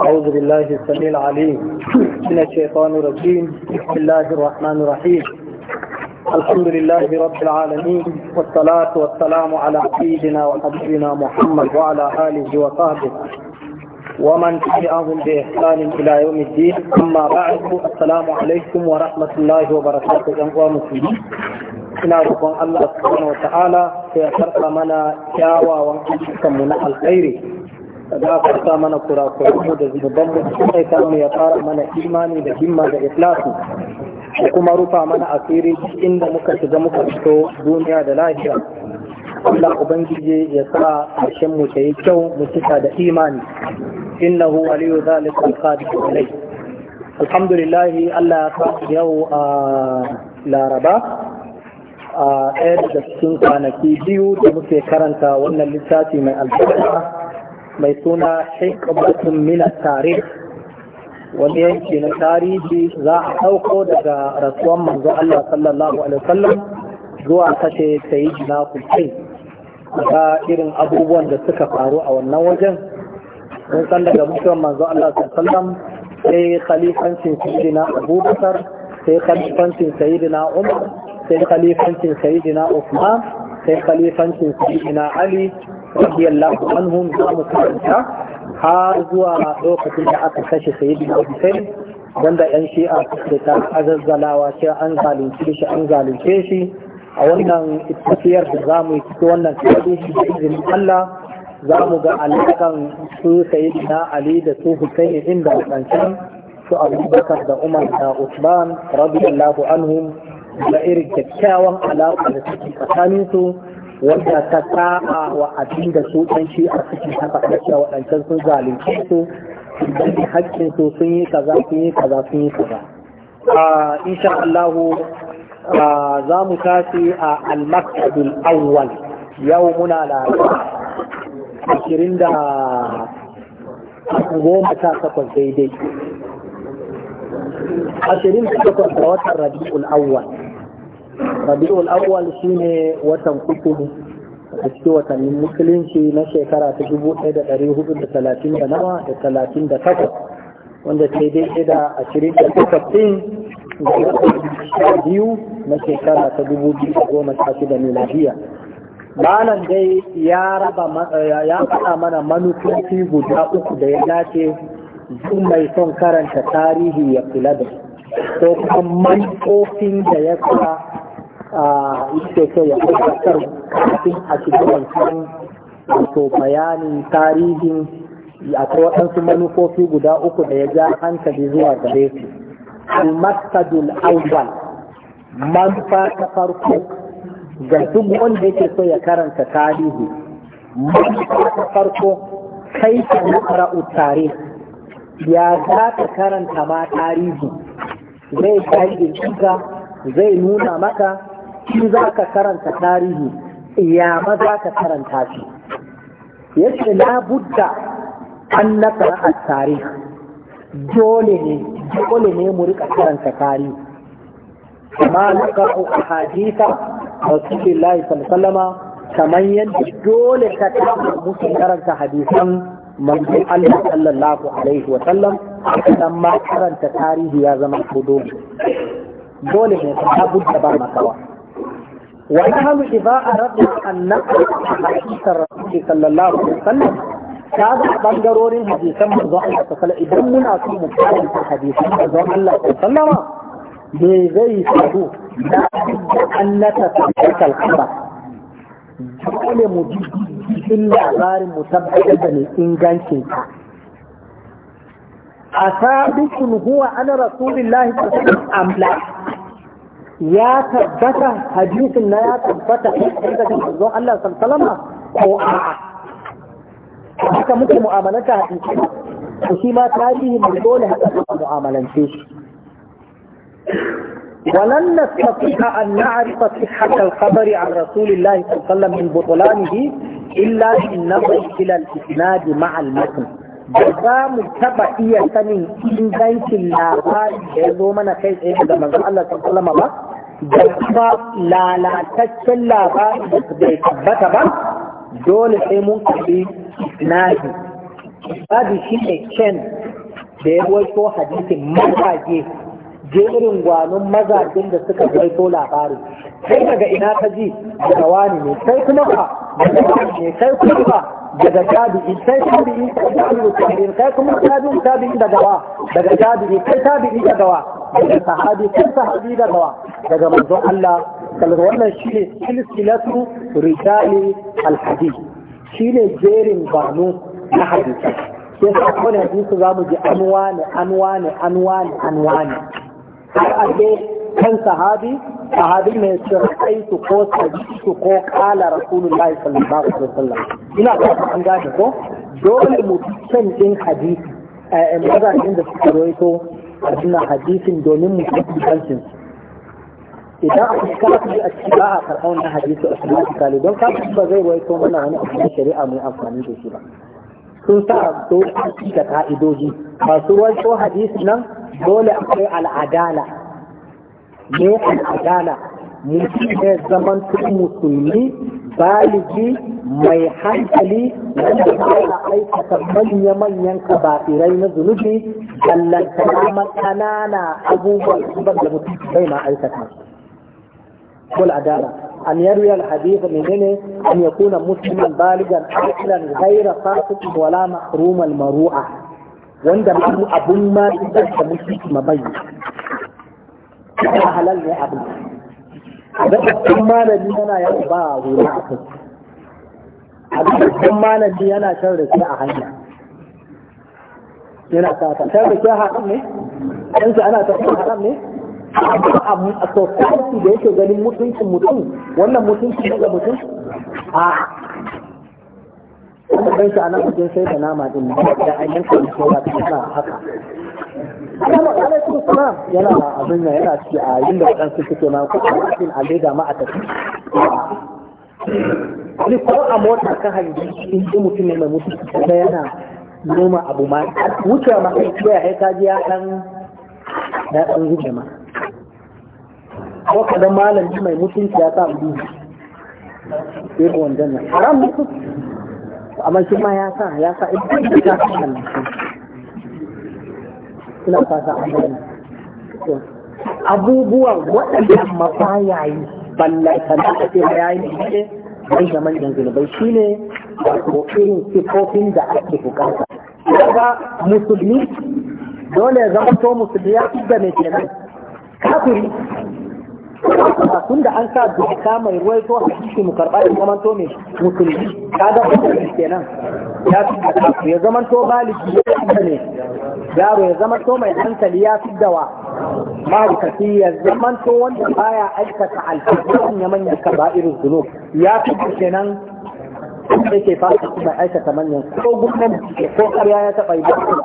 أعوذ بالله السميع العليم من الشيطان الرجيم بسم الله الرحمن الرحيم الحمد لله رب العالمين والصلاة والسلام على سيدنا وحبيبنا محمد وعلى آله وصحبه ومن تبعهم بإحسان إلى يوم الدين أما بعد السلام عليكم ورحمة الله وبركاته أيها المسلمين ina roƙon Allah subhanahu wata'ala sai ya karɓa mana kyawawan ayyukanmu na alkhairi kasa mana kurakuranmu da zunubanmu da kuma ya mu ya fara mana imani da himma da ikhlasu da kuma rufa mana asiri inda muka shiga muka fito duniya da lafiya Allah ubangiji ya sa karshen mu ta yi kyau mu cika da imani innahu waliyu zalika alqadir alai alhamdulillah Allah ya sa yau a laraba a ɗaya daga cikin kwanaki biyu da muke karanta wannan littafi mai albarka mai suna shekabatun mina tarih wani yanki na tarihi za a ɗauko daga rasuwan manzo Allah sallallahu alaihi wasallam zuwa kashe yi jina kuce ga irin abubuwan da suka faru a wannan wajen mun san daga mutuwan manzo Allah sallallahu alaihi wasallam sai khalifancin sayyidina Abubakar sai khalifancin sayyidina Umar sai khalifancin sayyidina Uthman sai khalifancin sayyidina ali radiyallahu anhum da mu karanta har zuwa lokacin da aka kashe sayyidina Hussein wanda yan shi'a suke ta azazzalawa cewa an zalunce shi an zalunce shi a wannan tafiyar da za mu yi cikin wannan tarihi da izinin Allah za mu ga alaƙan su sayyidina Ali da su Hussein inda wancan su Abubakar da Umar da Usman radiyallahu anhum da irin kyakkyawan alaƙa da suke tsakanin su wanda ta saba wa abin da su ɗan shi a cikin haka ɗaukar waɗancan sun zalunce su idan da haƙƙin su sun yi kaza sun yi kaza sun yi kaza. Insha Allahu za mu tashi a al-maqsadul awwal yau muna da ashirin da goma ta takwas daidai ashirin da takwas da watan rabi'ul awwal rabi'ul awwal shine watan uku a cikin watannin musulunci na shekara ta dubu ɗaya da ɗari hudu da talatin da nama da talatin da takwas wanda ke daidai da ashirin da takwas ɗin da biyu na shekara ta dubu biyu da goma sha shida miladiya malam dai ya raba ya faɗa mana manufofi guda uku da ya dace duk mai son karanta tarihi ya kula da ko kuma manufofin da ya sa yake ya ya tabbatar kafin a cikin wancan wato bayanin tarihin a akwai waɗansu manufofi guda uku da ya ja hankali zuwa gare su al-maqsadul awwal manfa ta farko ga duk wanda yake so ya karanta tarihi manfa ta farko kai ka nukara'u tarihi ya za ta karanta ma tarihi zai kai zai nuna maka shi za ka karanta tarihi iyama za ka karanta shi ya ce na labudda an na a tarihi dole ne dole ne mu rika karanta tarihi kama na karo a hadita layi sallallahu kamar yadda dole ka tafi musu karanta hadisan manzon Allah sallallahu alaihi wa sallam dan ma karanta tarihi ya zama dole dole ne ta budda ba makawa wani halu ba a rabu annan a hakikar rasuki sallallahu alaihi wasallam ta ga bangarorin hadisan manzon Allah ta sallama idan muna so mu ta hadisan manzon Allah ta sallama me zai faru da annata ta aikal kaba dole mu ji cikin labarin mu tabbatar da ne ingancin ta a sabisun huwa ana rasulillahi ta sallama ya tabbata hadisin na ya tabbata daga manzon Allah sallallahu ko a'a haka muke mu'amalanta hadisi to shi ma tarihi mu dole haka mu'amalance shi ولن نستطيع أن نعرف صحة الخبر عن رسول الله صلى الله عليه وسلم من بطلانه إلا بالنظر إلى الإسناد مع المتن Da za mu taba iya sanin ingancin labari da ya zo mana kai tsaye daga manzon Allah sallallahu ba da kuma lalataccen labari da bai tabbata ba dole sai mun kalli nahi babu shi ne ken da ya wato hadisin mazaje jerin gwanon mazajen da suka zaito labarin, sai daga ina ka ji daga wani ne kai kuma ba daga wani ne kai kuma ba daga jabi'i sai tabi'i tabi'i tabi'i kai kuma tabi'i tabi'i daga wa daga tabi'i kai tabi'i daga wa daga sahabi kai sahabi daga wa daga manzon Allah kalmar wannan shine silsilatu rijali alhadith shine jerin gwano na hadisi sai sa kowane hadisi za mu ji anwa ne anwa ne anwa ne anwa ne har a kan sahabi sahabi mai shirkai su ko sabi su ko kala rasulullahi sallallahu alaihi wasallam ina ta an gane ko dole mutum din hadisi maza eh, eh, mazajen da suka roito a suna hadisin domin mu mutum kancin idan aka kafa a cikin ba a karɓar wannan hadisi a sunan kali don kafin ba zai roito mana wani abu na shari'a mai amfani da shi ba sun sa dokoki da ka'idoji masu roito hadisi nan dole akwai al'adala ne al'adala mutum ne zaman musulmi baligi mai hankali wanda ba aikata manya-manyan kabafirai na zunubi ballantana makanana abubuwan zubar da mutum bai ma aikata kul adala أن يروي الحديث ne منه أن يكون مسلما بالغا عاقلا غير wala ولا محروم maru'a. wanda babu abun ma da muke mabayi ba halal ne abin da babban malami yana yau ba wuri a kai a babban malami yana shan rake a hanya yana sata shan rake haram ne yanzu ana tafiya haram ne a society da yake ganin mutuncin mutum wannan mutuncin daga mutum a kuma ɗan shi a nan wajen sai da nama din da an yanka da shora ta suna haka kuma alaikum salam yana abin nan yana ci a yin da waɗansu suke ma ko a cikin aleda ma a tafi ni ko a mota ka hangi in ji mutum ne mai mutu kuma yana noma abu ma wucewa ma kai ya kai kaji ya ɗan ya ɗan zuge ma ko kadan malami mai mutunci ya sa mu yi ko wannan haram mutu amma shi ma ya sa ya sa ta kan ina fata abubuwan waɗanda mafaya yi ballanta da ake yayi ne dan zaman dan zunubai shine ko irin sifofin da ake bukata kaga musulmi dole ya zama to musulmi ya fi da mai kenan kafiri A tun da an sa doka mai ruwaito hadisi mu karɓa ya zamanto mai musulmi kaga hukunci kenan ya fi da ya zamanto baligi ya ne yaro ya zamanto mai hankali ya fi dawa mahaukaci ya zamanto wanda baya aikata alfahari ya manya manyan irin zunub ya fi kenan da ke fasa kuma aikata manyan ko gudan ko karya ya taɓa yi ba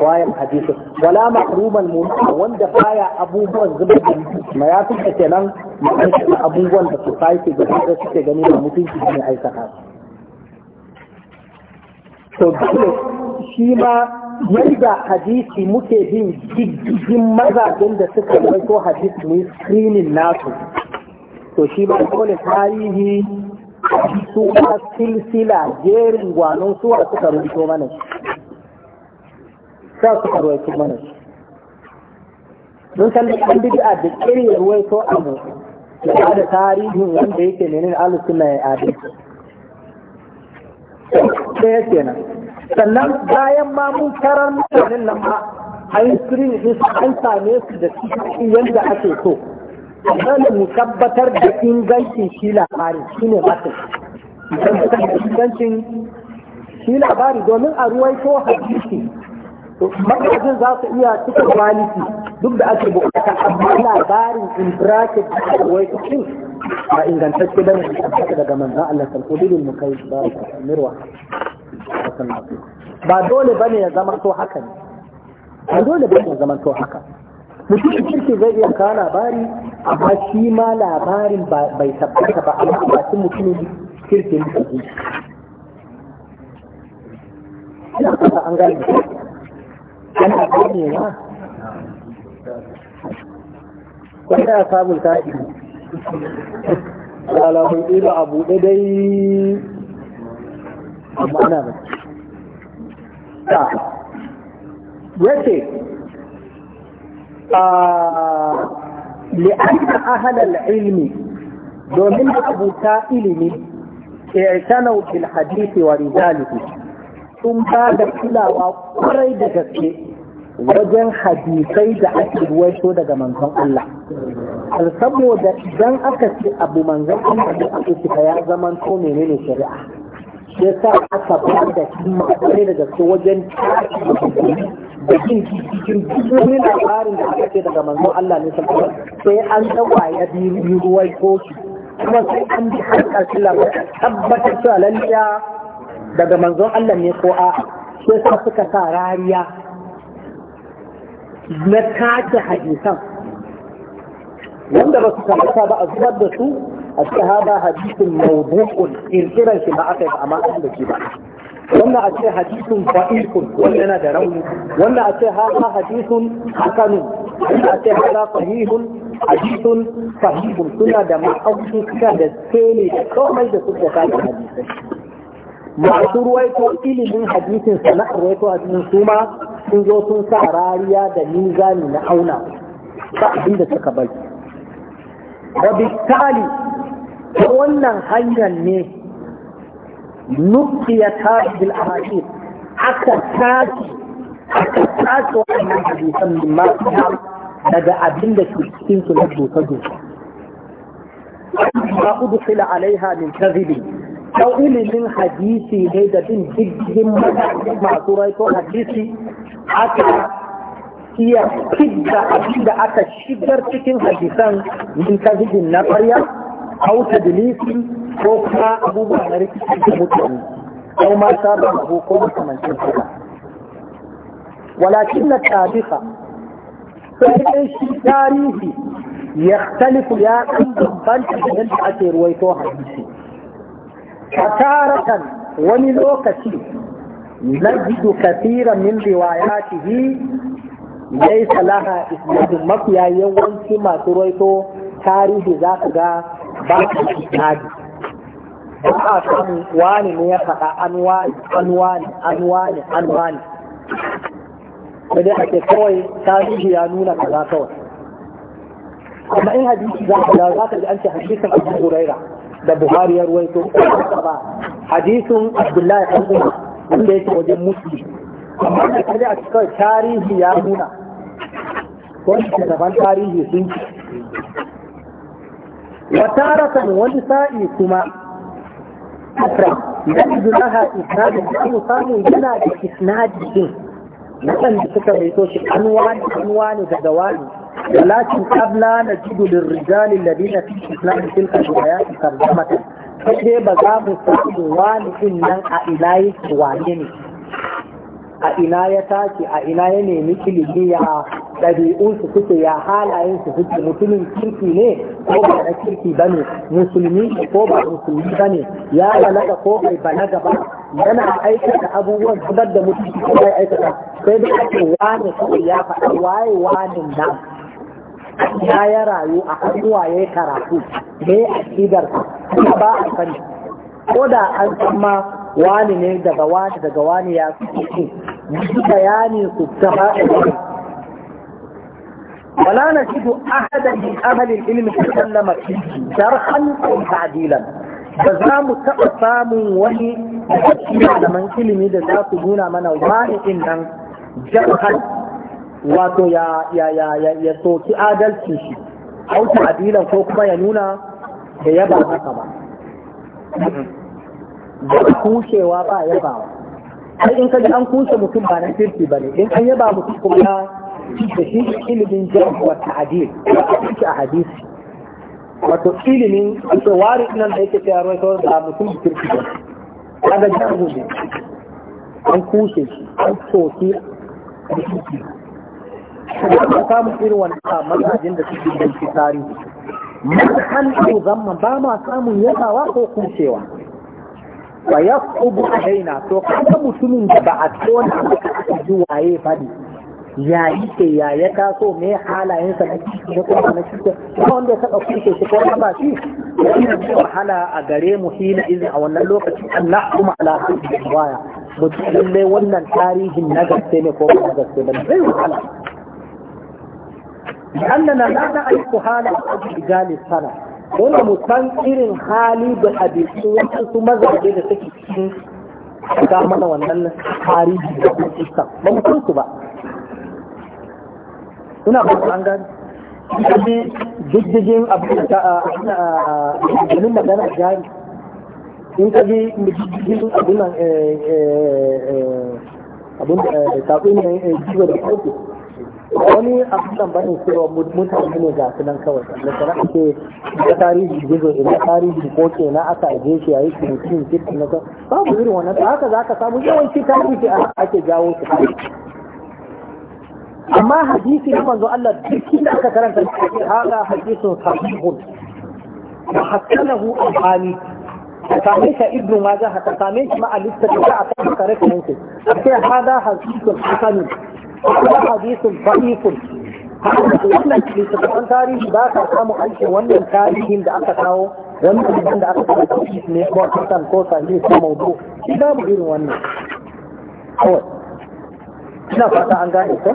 bayan hadisu. wala mahruman mu. wanda baya abubuwan zubar da ma ya fi tuka kenan abubuwan da society da su suke gani da mutunci ne aikata to dole shi ma yadda hadisi muke bin jijjigin mazajen da suka ko hadisi ne screening nasu to shi ma dole tarihi su a silsila jerin gwanon su a suka rubuto mana sa suka rubuto mana mun san an bid'a da kiri ruwaito abu da da tarihin wanda yake menene ahlus sunna ya adi sai yake nan sannan bayan ma mun karar mutanen nan ma an screen an same su da cikin yadda ake so misalin mu tabbatar da ingancin shi labari shi ne matan tabbatar da ingancin shi labari domin a ruwaito hadisi magajin za su iya cika kwaliti duk da ake bukata amma labarin in bracket da ruwaito cikin, a ingantacce bane da tabbata daga manzon Allah sallallahu mu kai ba mirwa ba dole bane ya zama to haka ne ba dole bane ya zama to haka mutum kirki zai iya kawo labari amma shi ma labarin bai tabbata ba amma ba su mutumin kirkin kirki ina kasa an gane ana ganewa wanda ya samun tashi alamun ila a buɗe dai amma ana ba ta yace لأن أهل العلم دومين أبو سائل اعتنوا بالحديث ورجاله sun ba da kulawa kwarai da gaske wajen hadisai da ake ruwaito daga manzon Allah. saboda idan aka ce abu manzon Allah da aka cika ya zaman ko menene shari'a. Sai sa aka ba da kima kwarai da gaske wajen tashi da jin cikin wani labarin da aka ce daga manzon Allah ne sallallahu sai an tsawa ya biyu ruwai ko kuma sai an bi har ƙarshen labarin tabbatar cewa lalle daga manzon Allah ne ko a'a sai sa suka sa rariya na kace hadisan wanda ba su kamata ba a zubar da su a cikin hada hadisin mawdu'un kirkiran shi ba aka yi ba amma an da shi ba wannan a ce hadisun fa'ilkun wannan yana da rauni wannan a ce haka hadisun hasanun wannan a ce haka sahihun hadisun sahihun suna da ma'aukin suna da sene da komai da suka kaji hadisai masu ruwaito ilimin hadisin sana'ar ruwaito hadisin su ma sun zo sun sa rariya da nizami na auna ba abinda suka bari. Rabi Tali, wannan hanyar ne nufiya ta bil arahim aka tashi aka tashi wannan hadisan daga abin da ke cikin su na dokar dokar ba ku dukila alaiha min kazibi ko ilimin hadisi ne da bin jirgin masu raito hadisi aka iya fidda abin da aka shigar cikin hadisan min na ƙarya ko bilisi ko kuma abubuwa na rikicin da mutane ko mata ba ko ko makamancin kuma walakin na tabiha sai dai shi tarihi ya talifu ya kan bambanta da yadda ake ruwaito hadisi a taratan wani lokaci najidu kathira min riwayatihi yayi salaha isnadu mafiya yawanci masu ruwaito tarihi za ka ga ba ka ba a an wani ne ya faɗa an wani an wani an wani an wani da dai ake kawai tarihi ya nuna kaza kawai amma in hadisi za ka za ka ji an ce hadisin abu huraira da buhari ya ruwaito ba hadisin abdullahi ɗan umar wanda yake wajen musulmi amma da kaje a cikin tarihi ya nuna wani daban tarihi sun ci wata rasa wani sa'i kuma Abra, idan Abdullaha Isra'il da suke yana da isnadi din, nan da suka zaito shi an wani an wani daga lakin abla na jidu da rijalin da dina fi isnadi din a shugaya su karbi mata. Sai ba za mu samu wani din nan a ila yake wane ne. a ina ya tashi a ina ya nemi ilimi ya ɗabi'un su suke ya halayen su suke mutumin kirki ne ko ba na kirki ba ne musulmi ko ba musulmi ba ne ya balaga ko bai balaga ba yana aikata abubuwan zubar da mutunci ko bai aikata sai da ake wane kawai ya faɗa waye wane na. ya ya rayu a hannuwa ya karatu ne a kidar ba a sani ko da an san ma wani ne daga wani daga wani ya suke su bayani su ta faɗi wala na shigo ahada min amalin ilmi jar sallama sharhan ta'dilan ba za mu taɓa samun wani tafiya da man ilimi da za su nuna mana wani in nan jarhan wato ya ya soki adalci shi hau ta'dilan ko kuma ya nuna da yaba haka ba da kushewa ba yabawa ai in ka ji an kushe mutum ba na kirki ba ne in an yaba mutum kuma na da shi ilimin jam wa ta'adil a hadisi wato ilimin wato wari nan da yake tsaya ruwa sauran da mutum kirki ba kaga jamu ne an kushe shi an soke, da kuma ba samun irin wani a mazajin da suke da tarihi mun ko zamma ba ma samun yabawa ko kushewa wa ya kubu a daina to kasa mutumin da ba a tona aka ji waye fadi ya yi ke ya ya taso me halayen sa na ciki da kuma na ciki ta wanda ya saka kuke shi ko ba shi Ya yi da wahala a gare mu hina izin a wannan lokaci Allah kuma ala hadin waya mutum lalle wannan tarihin na gaske ne ko ba gaske ba zai wahala لأننا لا نعرف حال الرجل جالس سنة wanda mu san irin hali da hadisu wasu su mazaje da suke cikin ga mana wannan tarihi da kuma iska ba mu san su ba ina ba ku an gani bi diddigin abin da ganin magana jari in kaji diddigin abin nan eh, eh, eh, abin da tafi ne jiwa da kofi wani abin ba bane cewa mutane ne ga su nan kawai da kana ake da tarihi gizo ina tarihi ko ke na aka aje shi yayi cikin cikin na ka babu irin wannan haka zaka samu yawanci tarihi ake jawo su amma hadisi na manzo Allah duk da aka karanta shi hada hadisun sahihun wa hasanahu al-albani same shi ibnu majah ka same shi ma a listar da aka karanta shi sai hada hadisun hasanun wannan hadisin fa'ikun wannan littattafan tarihi ba ka samu aikin wannan tarihin da aka kawo wannan littattafan da aka kawo tarihi ne ko a ko sahih ko maudu shi babu irin wannan kawai ina fata an gane ko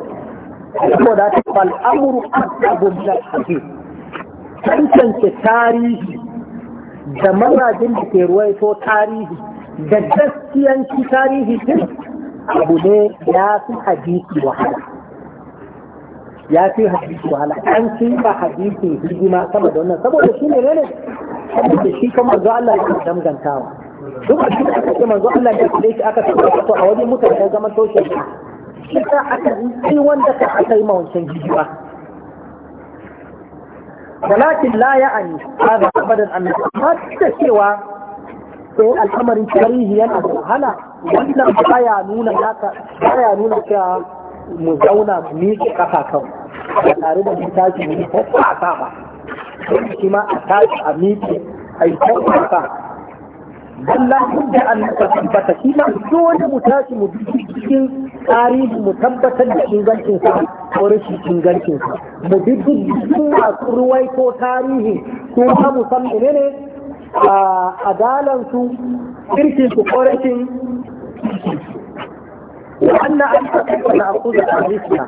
ko da ta fal amru asabu min al-hadith tantance tarihi da marajin da ke ruwaito tarihi da gaskiyanci tarihi din abu ne ya fi hadisi wahala ya fi hadisi wahala an fi ba hadisi hidima sama da wannan saboda shi ne ne saboda shi kuma manzo Allah ya dangantawa duk a cikin aka ce manzo Allah ya kire shi aka tabbata to a wajen mutane ya zama toshe shi ta aka yi wanda ka aka yi mawancin hijira ولكن لا يعني abadan ابدا ان ما cewa. sai al'amarin tarihi yana da wahala wannan baya nuna haka baya nuna cewa mu zauna mu miƙe kafa kan ba tare da mun tashi mu ko a ta ba shi ma a tashi a miƙe a yi ko kafa ta wallahi da an tabbata shi ma dole mu tashi mu cikin tarihi mu tabbatar da ingancin sa ko rashin ingancin sa mu bi duk masu ruwaito tarihi ko ma mu san menene A adalansu kirkin su korafin wannan an taɓa na a da tarihiya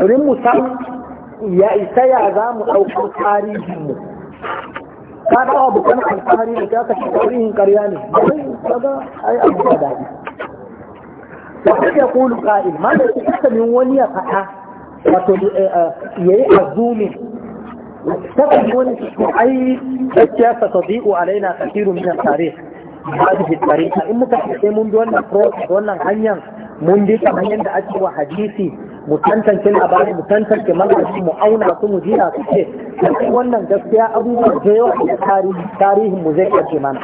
domin mu san ya isa ya za mu ɗaukar mu. ka dawa bukan alfahari da ta kashe tarihin karya ne bai kaga ai abu da daɗi wata ke kulu ƙa'il ma da ya kasa min wani ya faɗa wato eh, eh, ya yi azumin. Tai أي أشياء ستضيء علينا كثير من التاريخ هذه a إن متحدثين من دون أفروت دون هنيا من دي كمان ده أجي وحديثي mutantan kin labari mutantan ke mallaki mu auna su mu jira su ce wannan gaskiya abubuwan da yawa da tarihi tarihin mu zai kace mana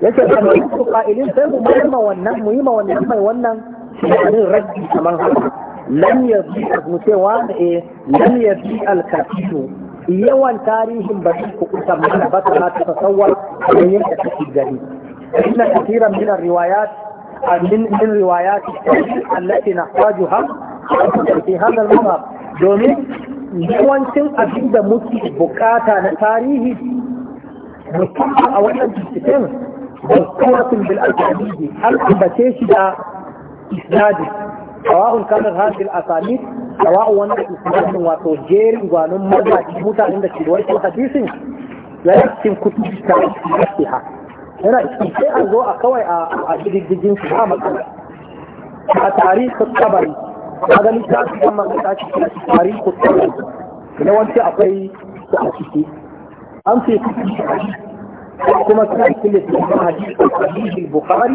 yake da mu su qa'ilin sai mu yi ma wannan mu yi ma mai wannan shi ne kamar haka lam yabi mutewa da eh lam yabi al-kafiru yawan tarihin ba su kuta mana ba ta ta tasawwar kamar yadda kake gani inna kathiran min ar-riwayat min min riwayat allati nahtajuha fi hadha al-mabab domin yawancin abin da muke bukata na tarihi musamman a wannan cikin da suratun bil al-ambace shi da isnadi sawa'un kanar hasil asali sawa'un wannan isnadin wato jerin gwanon mazaki mutanen da ke da wani hadisin yana cikin kutubi ta ha yana cikin sai an zo a kawai a gidigigin su a matsala a tarihin tabari a ganin ta su kan magana cikin tarihin tabari yawanci akwai su a ciki an fi kuma suna cikin littattafan hadisi a hadisi bukari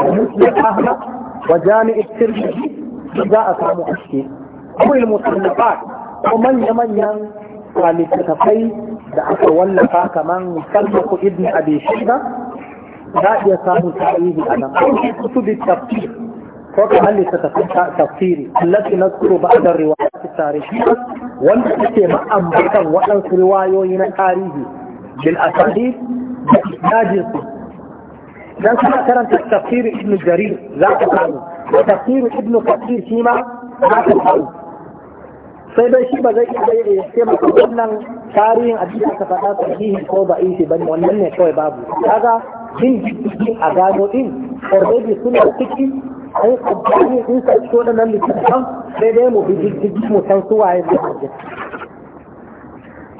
da muslim ahmad wa jami'i tirmidhi za a samu a ciki ko al ko manya manyan littattafai da aka wallafa kamar musallaku ibn abi shayba za a iya samun tarihi a nan ko kutubi tafsir ko kamar littattafan tafsiri allati nazkuru ba'da riwayat tarihiyya wanda take ma'ambatan waɗansu riwayoyi na tarihi bil asadi da isnadinsu dan kana karanta tafsir ibn jarir za ka samu da tafsir ibn kathir shi ma za ka samu sai dai shi ba zai iya ya ce maka wannan tarihin abin da aka faɗa sahihi ko da'ifi bane wannan ne kawai babu Daga bin bin a gano din already suna ciki ai kaddani in sai ko nan littafin sai dai mu bi diddigi mu san suwaye da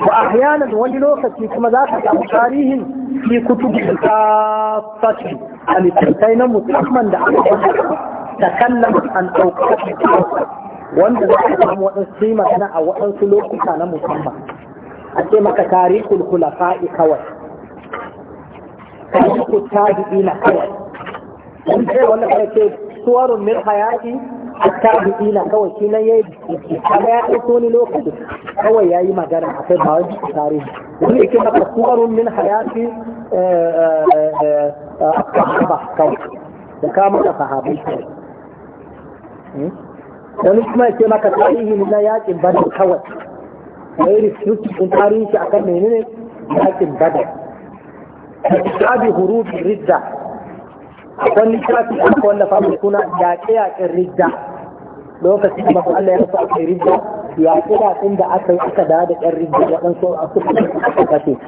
wa ahyanan wani lokaci kuma za ka samu tarihin fi kutubin kafati a littattai na musamman da aka ta kallon an ɗaukaki wanda za ka samu waɗansu yi magana a waɗansu lokuta na musamman a ce maka tarihul kulafa'i kawai tarihul tabi'ina kawai wanda ya wanda ka ce suwarun mil hayati hatta kila kawai shi nan yayi kaga ya ɗauko ni lokaci kawai yayi magana akai ba wani tarihi wani yake maka suwarun min hayati sahaba kawai da ka maka sahabi wani kuma yake maka tarihi na yakin badar kawai yayi restricted din tarihi akan menene yakin badar kitabi hurufi ridda akwai littafi da aka wallafa mai suna yaƙe-yaƙen ridda lokacin da masu Allah ya rasu aka yi ridda yaƙe-yaƙen da aka yi aka dawo da ƴan ridda waɗansu a suka aka kashe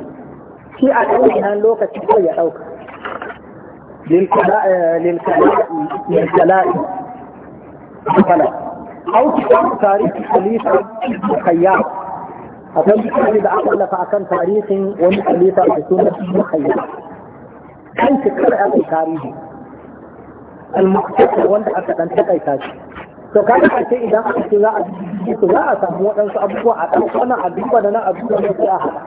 shi a ɗaukinan lokacin kawai ya ɗauka lilkala'i kala au kitabun tarihi khalifa khayyam akwai littafi da aka a kan tarihin wani khalifa da suna khayyam kan shekara ya tarihi al-muqtasar wanda aka dan takaita shi to kaga a ce idan aka ce za a ji to za a samu waɗansu abubuwa a ɗan kwana a duba da na a duba da sai a haɗa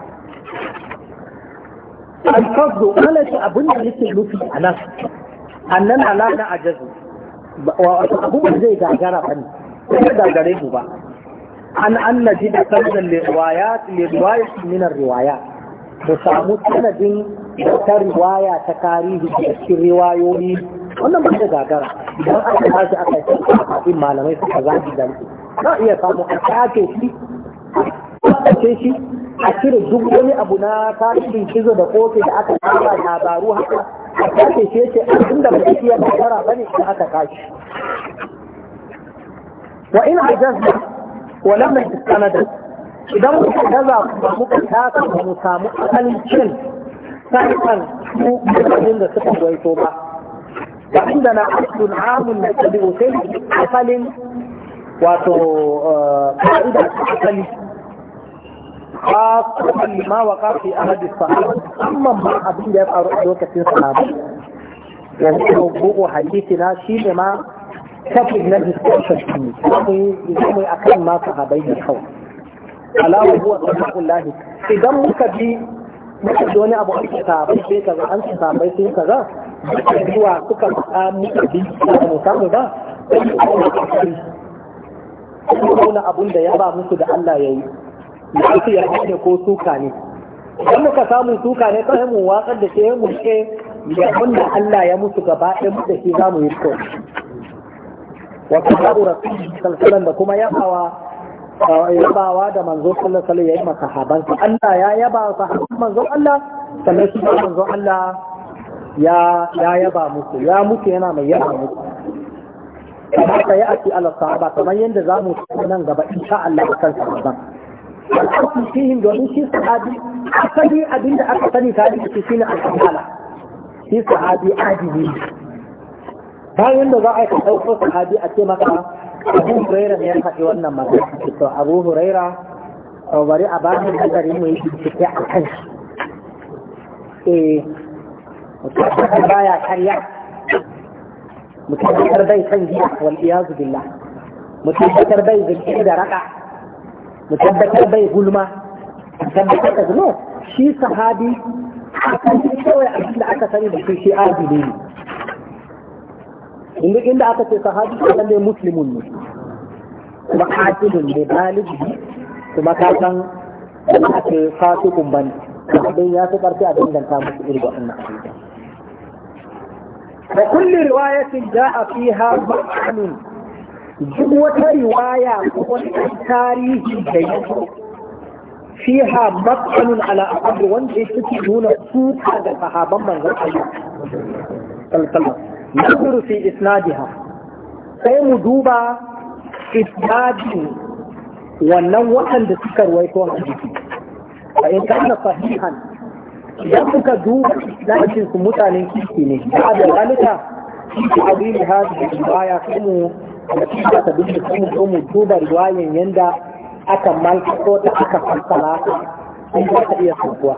al-fasdu malaki abin da yake nufi a nan annan alana a jazu wato abubuwan zai gagara ba ne zai gagare mu ba an an naji da sanadin riwayat riwayat min riwaya mu samu sanadin ta riwaya ta tarihi da cikin riwayoyi wannan ba da gagara idan aka tashi aka yi kafin malamai suka zagi su za iya samu a kake shi ce shi a cire duk wani abu na tarihin kizo da kofi da aka kama labaru haka a kake shi a abin da shi ya nasara ba ne da aka kashi wa a ajazna wa lam nastanada idan muka gaza kuma muka taka mu samu asalin cin sai kan mu da suka gwaito ba وعندنا أصل عام يتبع كل عقل وقاعدة عقل خاصة لما وقع في أحد الصحابة أما ما أبين يبقى رؤية كثير صحابة يعني موضوع حديثنا شيء ما كفر نجد كفر فيه يسمي أقل ما صحابين الخوف ألا وهو صلاح الله إذا مكبي muka ji wani abu ake sabai sai kaza an su sabai sai kaza muka zuwa suka samu abin da mu samu ba sai mu kauna abun da ya ba musu da Allah ya yi ya su yarda ne ko suka ne idan muka samu suka ne kawai mu watsar da ke mu ke, ya da Allah ya musu gaba ɗaya mu da shi za mu yi ko wa kafaru rasul sallallahu da kuma yabawa yabawa da manzo sallallahu alaihi ya yi masa Allah ya yaba sahabban manzo Allah sannan shi manzo Allah ya ya yaba musu ya mutu yana mai yaba musu kamar sai yi aki ala sahaba kamar yadda za mu nan gaba insha Allah kan sahabban al'asu fihim domin shi sahabi asali abinda aka sani ta shi shine al-kamala shi sahabi adili bayan da za a yi ka ɗauko sahabi a ce maka abu huraira ya faɗi wannan magana to abu huraira to bari a bani nazari mu yi bincike a kan shi eh mutum baya karya mutum bakar bai san giya wal iyazu billah mutum bakar bai zikiri da raka mutum bakar bai gulma mutum bakar da zuno shi sahabi a kan kawai abin da aka sani da shi shi adili ne inda inda aka ce sahabi kan ne muslimun ne kuma kafirun ne baligi kuma ka san da ake fasikun bane abin ya fi karfi a danganta musu irin waɗannan abubuwa da kulli riwayatin ja'a fiha ma'anun duk wata riwaya ko wani tarihi da ya fiha matsalun ala abdu wanda ya nuna suka da sahaban manzon Allah sallallahu nasiru fi isnadiha sai mu duba isnadin wannan waɗanda suka ruwaito a jiki a in kanna fahimhan idan suka duba isnadin mutanen kirki ne da abin lalita kirki abin da ha su biyu baya sai mu da kirki da sabbin mu zo mu duba ruwayen yanda aka malkato ta aka fassara sun za ta iya sabuwa.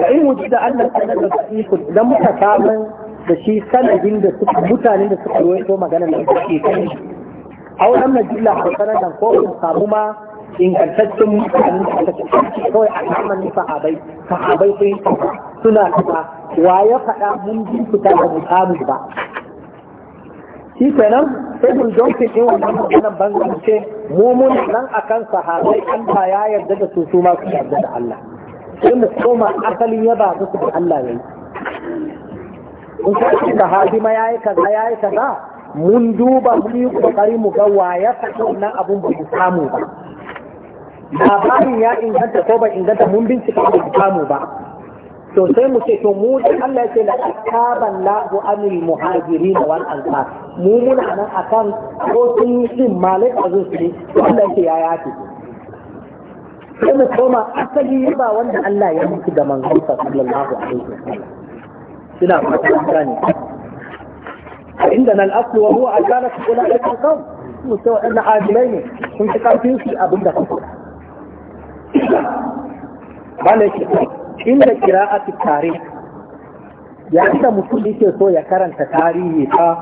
Da in wuce da Allah ta nuna da ikon idan muka samun da shi sanadin da suka mutane da suka ruwaito magana da suke kai a wannan najila a sanadin ko in samu ma kantaccen mutanen da suka ce kawai a kaman sahabbai sahabbai sun suna kaza wa ya faɗa mun bincika da mutane ba shi kenan sai mun jonke ne wannan maganar banzan ce mu mun nan akan an ba ya yarda da su su ma su yarda da Allah sai mu koma asalin yaba musu da Allah ne in ka ka haji ma yayi kaza yayi kaza mun duba mun yi kokari mu ga waya ka wannan abun ba mu samu ba labarin ya inganta ko ba inganta mun bincika ba mu samu ba to sai mu ce to mu da Allah ya ce la amin lahu anil muhajirin wal ansar mu muna nan akan ko sun yi shin malaka zo su ne Allah ya ce ya yafi sai mu koma asali ba wanda Allah ya mutu da manzon sallallahu alaihi wasallam ina fata an A inda nan asli wa huwa alkana su kula da kankan su sai waɗannan adilai ne sun fi ƙarfin su abin da kanku ba ne ke inda kira'atu tare yayin da mutum yake so ya karanta tarihi fa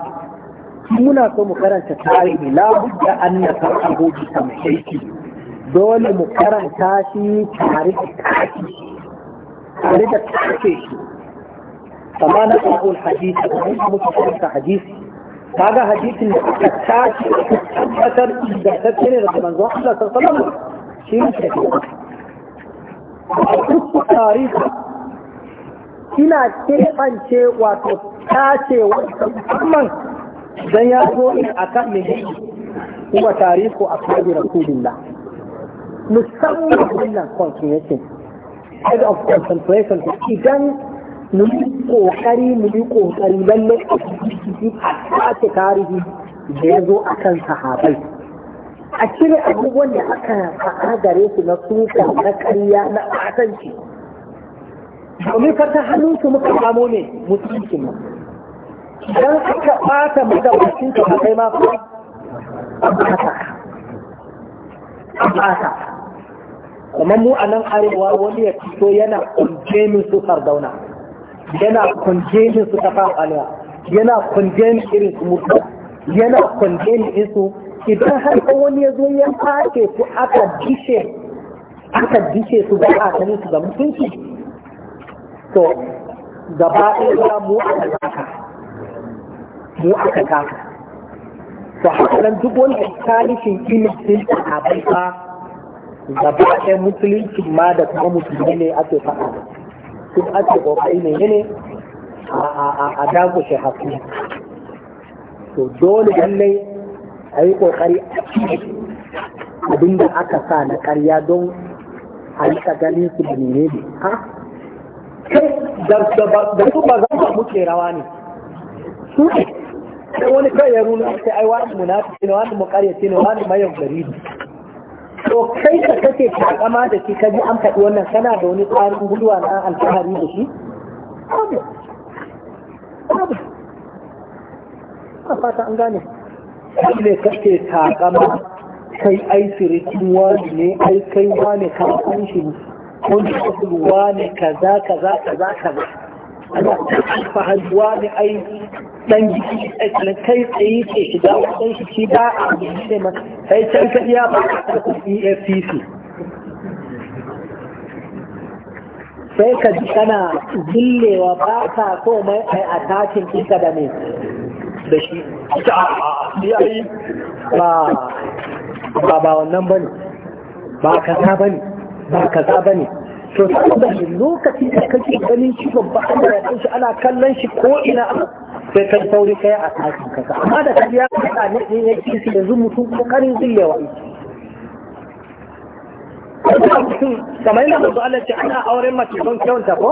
muna so mu karanta tarihi la budda an na karɓo bi tamshiki dole mu karanta shi tare da tashi tare da tashi amma na ƙarfin hadisi da kuma muka karanta hadisi hadisin da aka tashi tabbatar da tattare da manzon Allah sallallahu alaihi wasallam shi ne a duk tarihi ina keɓance wato tace wata musamman don ya zo ne a kan mai kuma tarihi a kan rasulullah musamman wannan concentration head of concentration idan mu yi ƙoƙari mu yi ƙoƙari lalle a cikin a sake tarihi da ya zo a kan sahabai a cire abubuwan da aka faɗa gare su na suka na ƙarya na ƙasanci domin fata hannun su muka samu ne musulunci mu dan aka ɓata magabacin ka ba kai ma ba ɓata a ɓata kamar mu a nan arewa wani ya fito yana ƙunje min su sardauna yana kwanjenin su kafa alwa yana kwanjenin irin su mutu yana kwanjenin isu idan har wani ya zo ya fake su aka dishe aka dishe su ba a sanin su da mutunci to gaba ɗaya mu aka kaka mu aka kaka to haka nan duk wani tarihin sun ta bai ba gaba ɗaya musulunci ma da kuma musulmi ne ake faɗa duk ake kokari ne ne a dakushe haƙi to dole lallai a yi kokari abinda aka sa na ƙarya don a yi ganin su da ne ne ha da su ba za mu muke rawa ne su ne sai wani kai ya runa sai ai wani munafi ne wani mukaryaci ne wani mayan gari ne to kai ka kake takama da shi ka ji an faɗi wannan kana da wani tsarin guduwa na alfahari da shi a fata an gane kai ne kace takama kai ai sirikin wani ne ai kai wani kan shi kun wani kaza kaza kaza kaza alfahaduwa ne ai dan jiki kai tsaye ke shiga wajen shi shi sai ka iya ba EFCC sai ka ji kana zillewa ba ka so mai ai a takin da ne da shi ba ba ba wannan bane ba bane ba bane to saboda lokacin da kake ganin shi babba Allah ya kai shi ana kallon shi ko ina sai kai sauri kai a tashin kasa amma da kaji ya kada ne ne ya ci shi yanzu mutum kokarin zillewa yake kamar yana mutu Allah ce ana auren mace don kyauta ko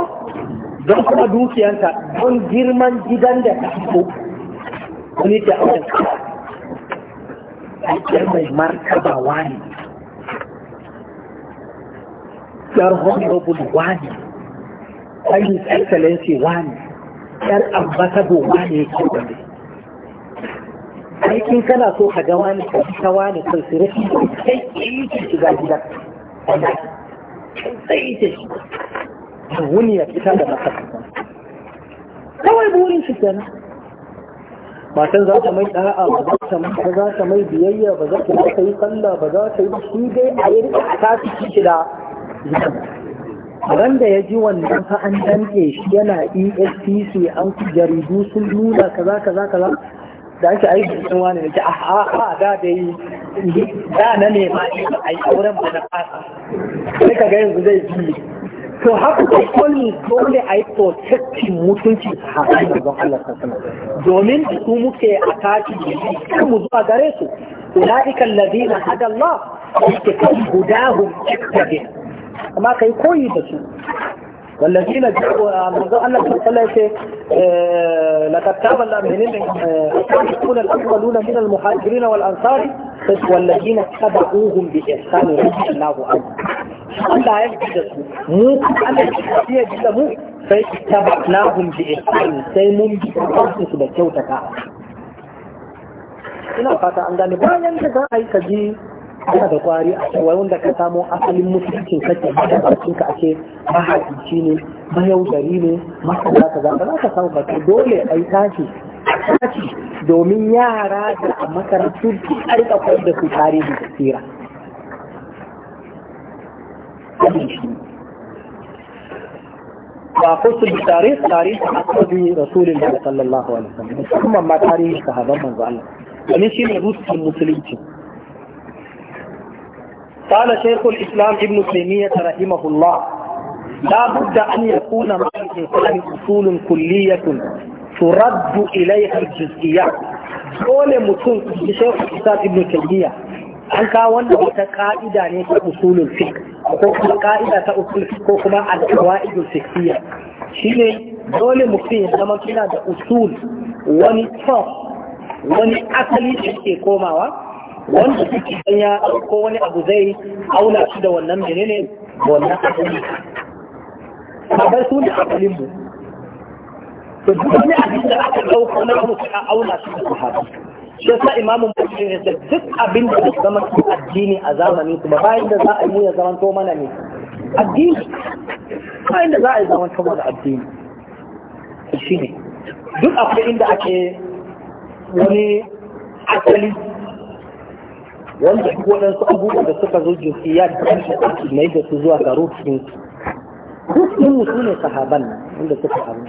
don kuma dukiyanta don girman gidan da ta fito wani ta auren kai mai martaba wani yar honorable wani ayin excellency wani yar ambassador wani yake wani aikin kana so ka ga wani ka ta wani kai su rashi kai yi ki shiga gida sai yi ki shiga wuni ya fita da makasar kawai burin shi kenan matan za ta mai ɗa'a ba za ta mai za ta mai biyayya ba za ta yi sallah ba za ta yi shi dai a yi a tafi shi da ran da ya ji wannan fa an danke shi yana ESPC an jaridu sun nuna kaza kaza kaza da ake aiki sun wani da a a a da da yi da na ne ma a yi auren ba na fasa sai ka yanzu zai ji to haka ko kulli dole a yi protectin mutunci a da don Allah sassana domin su muke a yi. kan mu zuwa gare su ula'ikan ladina hadallah yake kan hudahum iktabin amma ka yi koyi da su wallafi na jago a manzon Allah ta tsalla ce la kattaba la menene kun al-awwaluna min al-muhajirin wal ansari wallafi na tabu'uhum bi ihsan radiyallahu anhu Allah ya yi da su mu Allah ya yi da mu sai ta na tabu'nahum bi ihsan sai mun bi su da kyautata ina fata an gane bayan da za a yi ka kaji kana da kwari a cewa wanda ka samo asalin mutuncin kake a cikin ka ake mahaifi ne bayan gari ne masa za ka zaɓa za ka samu ba dole a yi tashi tashi domin yara da a makarantu a riƙa kwai da su tare da tsira. ba ko su tare tarihi? a kwabi rasulun da sallallahu alaihi wasallam kuma ma tarihin sahabban manzo Allah domin shi ne rusul musulunci قال شيخ الإسلام ابن تيمية رحمه الله لا بد أن يكون مع الإنسان أصول كلية ترد إليها الجزئيات dole mutum da shekul islam ibn an kawo wanda wata ka'ida ne ta usulul fiqh ko kuma ka'ida ta usul ko kuma al-qawaidul fiqhiyya shine dole mutum ya zama kina da usul wani top wani asali da ke komawa wanda suke ya ko wani abu zai aula shi da wannan ne wannan asali bar su ne asalin mu to duk wani abin da aka ko na kuma suka aula shi da sahabi shi sa imamu muslim ne da duk abin da suka zama su addini a zamanin kuma bayan da za a yi mu ya zama to mana ne addini bayan da za a yi zama to mana addini shi ne duk akwai inda ake wani asali wanda duk waɗansu abubuwan da suka zo jinsiyar mai da su zuwa ga rufin rufin mutu ne sahaban wanda suka abu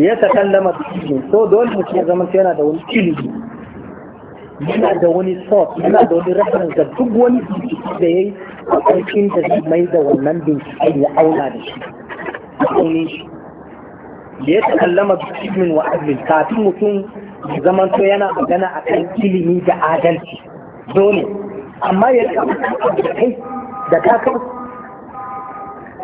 ya ta kallama cikin so dole mutum ya zama yana da wani ilimi yana da wani sort yana da wani rafin ga duk wani bincike da ya yi a ƙarfin da zai mai da wannan binciken ya auna da shi a ƙaunin shi ya ta kallama cikin wa'adin kafin mutum zaman to yana magana a kan ilimi da adalci dole amma ya rika da kai da kakar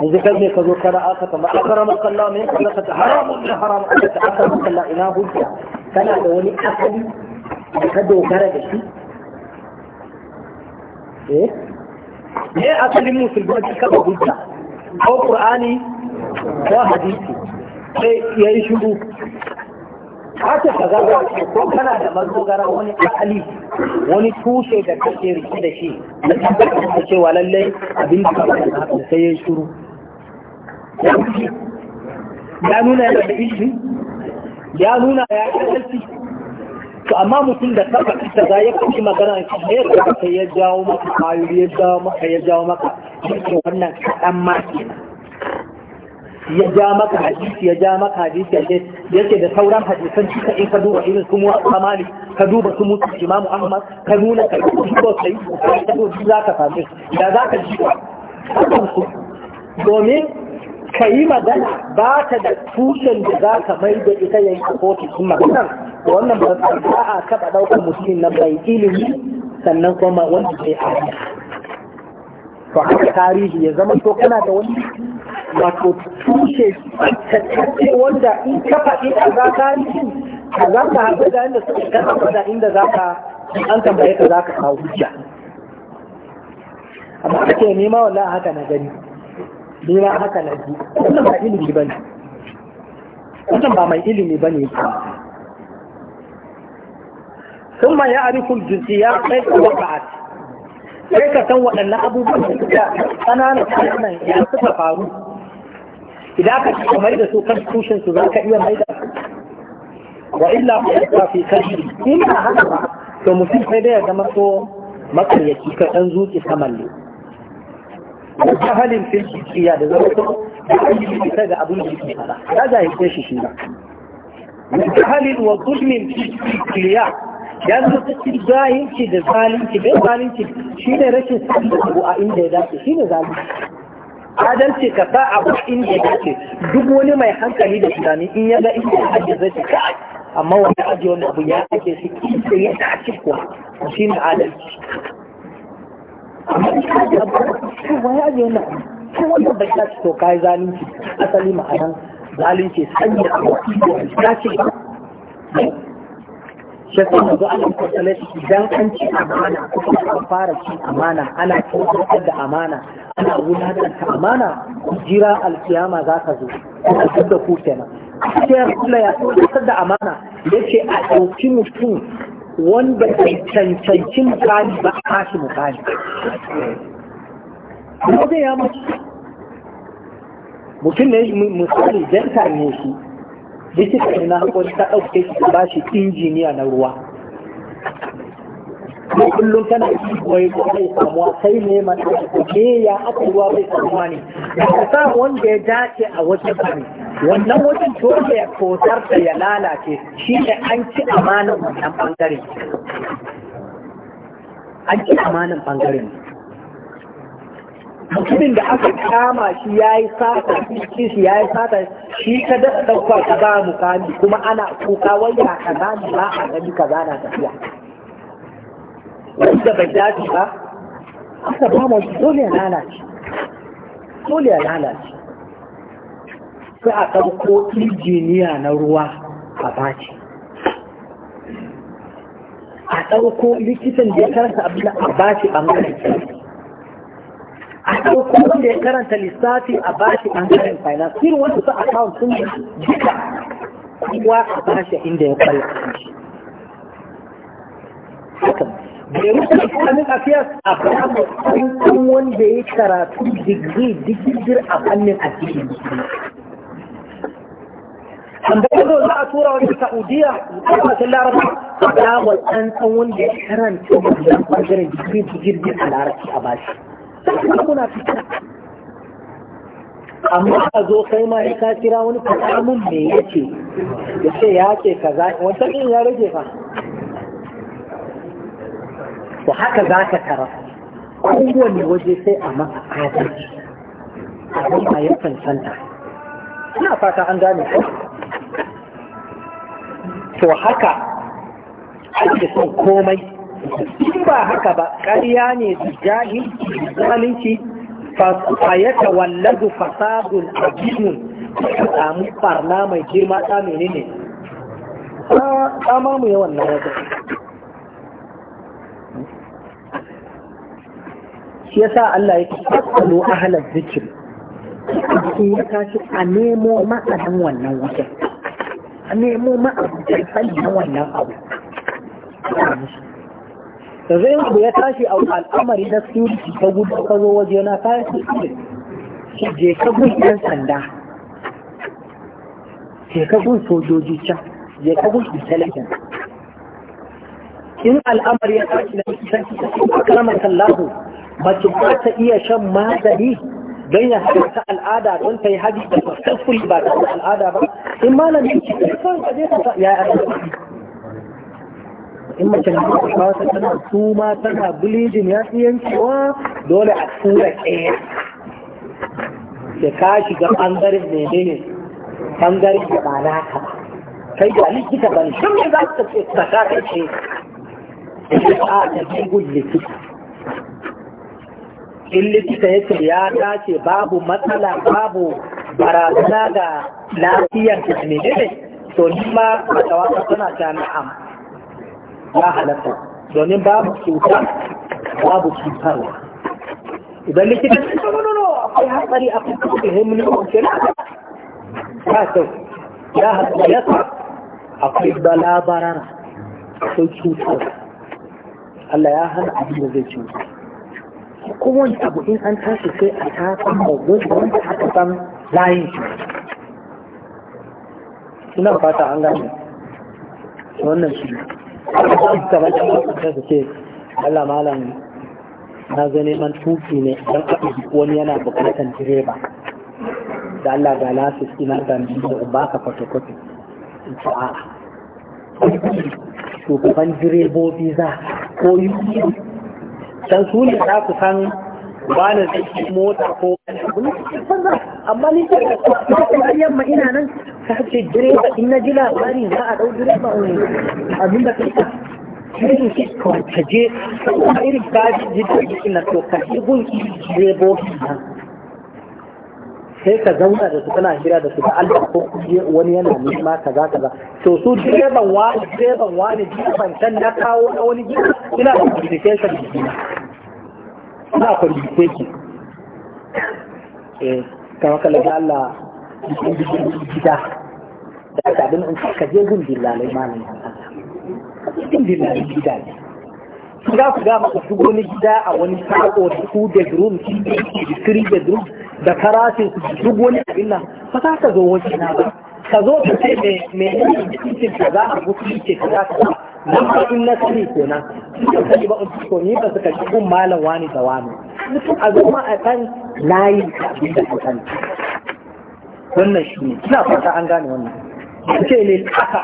yanzu kai ne ka zo kana aka ta akara makalla mai kala ka ta haramun da haram aka ta aka makalla ina hujja kana da wani asali da ka dogara da shi eh ne asalin musulmi da ka ba hujja ko qur'ani ko hadisi sai yayi shuru haka ka zaga ko kana da mazogara wani asali wani tushe da kake rike da shi na tabbatar da cewa lallai abin da kawai da haka sai ya shuru ya nuna ya da ishi? ya nuna ya yi ƙarfi to amma mutum da saba ita za ya kashi magana shi ne ya sai ya jawo maka kayu ya jawo maka ya jawo maka wannan kaɗan ma kenan ya ja maka hadisi ya ja maka hadisi ya yake da sauran hadisan cika in ka duba irin kuma wa mali ka duba su musu imam ahmad ka nuna ka duba sai ka duba za ka same da za ka ji su domin ka yi magana ba ta da tushen da za ka mai da ita yayin ka kotu sun magana wannan ba za a kaɓa ɗaukar mutumin na bai ilimi sannan kuma wanda bai to haka tarihi ya zama to kana da wani wato tushe tattace wanda in ka faɗi a za ka rikin ka za ka haɗu da inda suka kan haɗu da inda za ka an tambaye ka za ka kawo hujja amma ake nema wallah haka na gani nema haka na ji wannan ba ilimi ba ne wannan ba mai ilimi ba ne ثم ya kai كيف وقعت sai ka san waɗannan abubuwan da suka ƙananan ƙananan ya suka faru idan ka ci mai da su kan tushen su za ka iya mai da wa illa ka fi kashi in ba haka ba to mutum sai da ya zama so makaryaci ka dan zuci saman ne da jahalin fil iya da zama so da ga abin da yake fara ya zahirce shi shi ba halin wa zulmin kiliya ya zama cikin zahirci da zalunci bai zalunci shi ne rashin sanin abu a inda ya dace shi ne zalunci adalci ka sa abu inda ya duk wani mai hankali da tunani in ya ga inda ya ajiye zai ce kai amma wani aji wani abu ya ake shi inda ya dace kuwa shi ne adalci amma in ka ajiye abu ya ajiye wani abu ko wanda bai dace to kai zalunci asali ma'anan zalunci sanya abu ya ba shi sai yanzu ana kwatsale idan an ci amana kuma an fara ci amana ana kyautar da amana ana wulatar amana jira alkiyama za ka zo kuma duk da ku kenan sai ya ya kyautar da amana ya ce a ɗauki mutum wanda bai cancanci mukami ba a kashi mukami ya mutu mutum ne misali janta ne shi likita ne na hakuri ta ɗauke shi ba shi injiniya na ruwa ko kullum tana kwaye ko bai samuwa sai ne mata ko me ya aka ruwa bai samuwa ne da ka sa wanda ya dace a wajen kare wannan wajen dole ya kotar da ya lalace shi ne an ci amanan wannan bangare an ci amanan ne mutumin da aka kama shi ya yi sata shi shi ya yi sata shi ka dasa ɗaukwa ka ba mukami kuma ana kuka waya ka mu ba a gani ka na tafiya wanda bai dace ba aka ba mu dole ya lalace dole ya lalace sai a ɗauko injiniya na ruwa a bace a ɗauko likitan da ya karanta abin da a a ɓangaren a ɗauko wanda ya karanta lissafi a bashi ɓangaren finance irin wasu su account sun duka kuwa a bashi inda ya kwallo da rufe islamic affairs a bamu ɗan wanda ya karatu digiri digirgir a fannin addini an da yanzu za a tura wani saudiya a kasashen laraba a bamu ɗan wanda ya karanta wannan ɓangaren digiri digirgir a larabci a bashi kuma muna fitar amma a zo kai ma ya ta kira wani fasamun me yake ya ce ya ce kaza wata ɗin ya rage fa to haka za ka tara kowane waje sai a masa adalci abin a ya cancanta ina fata an gane ko to haka ake son komai in ba haka ba ƙariya ne da jahilci ya fayata wallazu fasadun abimun su samu farna mai girma ta menene ta mamu yawan na wajen shi sa Allah ya a halar zikir su ya tashi a nemo matsalin wannan wajen a nemo matsalin wannan abu da zai abu ya tashi a al'amari na security ta gudu ka zo waje na kayan security je ka gun yan sanda je ka gun sojoji can je ka gun intelligence in al'amari ya tashi na kusanci ta ce a karamar kallahu mace ba ta iya shan magani don ya haɗa al'ada don ta yi hajji da successfully ba ta al'ada ba in malamin ki kawai ka je ka ya yi in mace na da ta tana suma tana bilijin ya fi yankewa dole a tura ɗaya da ka shiga ɓangaren mene ne ɓangaren da ba na ka. kai da likita ban ne shan me za ta ce ta ka kai ce a da jigun likita in likita ya ce ya dace babu matsala babu barazana ga lafiyar da mene ne to ni ma a tawata tana jami'a ya halatta domin babu cuta babu cutarwa idan likita ce ta wani akwai hatsari a kusa da himmin kwanci na ta kyau ya hatsari ya sa akwai balabara akwai cutar Allah ya hana abin da zai cuta kowane abu in an tashi sai a ta da gudun wanda aka san layin cuta ina fata an gane wannan shi kamar da mutum su ce Allah malam na zo neman tuki ne don kaɗa wani yana bukatan direba da Allah ga lasis ina da ba ka fotokofi in ce a'a ah, shugaban direbobi za ko yi can su ne za su san wani zai mota ko amma ni ta kasar yamma ina nan ta ce direba in na ji labari za a dau direba abin da kai irin iskon ta je kuma irin kaji jirgin jikin na to ka ji gun direbobi nan sai ka zauna da su kana hira da su da Allah ko wani yana nema kaza kaza to su direban wani direban wani direban can na kawo na wani gida ina da communication da ba ku rike ki eh, kama kala Allah gida da ka bin in ka je gun dillalai Allah dillalai gida ne ku ga maka gida a wani sako da two bedroom da three bedroom da farashin su duk wani abin nan fa za ka zo wani na ba ka zo ka ce me me ne ka za a mutu ce ka za ka mun karin na kare kenan suke kari ba su ko ni ba su kashi kun malam wani da wani mutum a zama a kan layi da abin da kan wannan shi ne suna fata an gane wannan suke ne kasa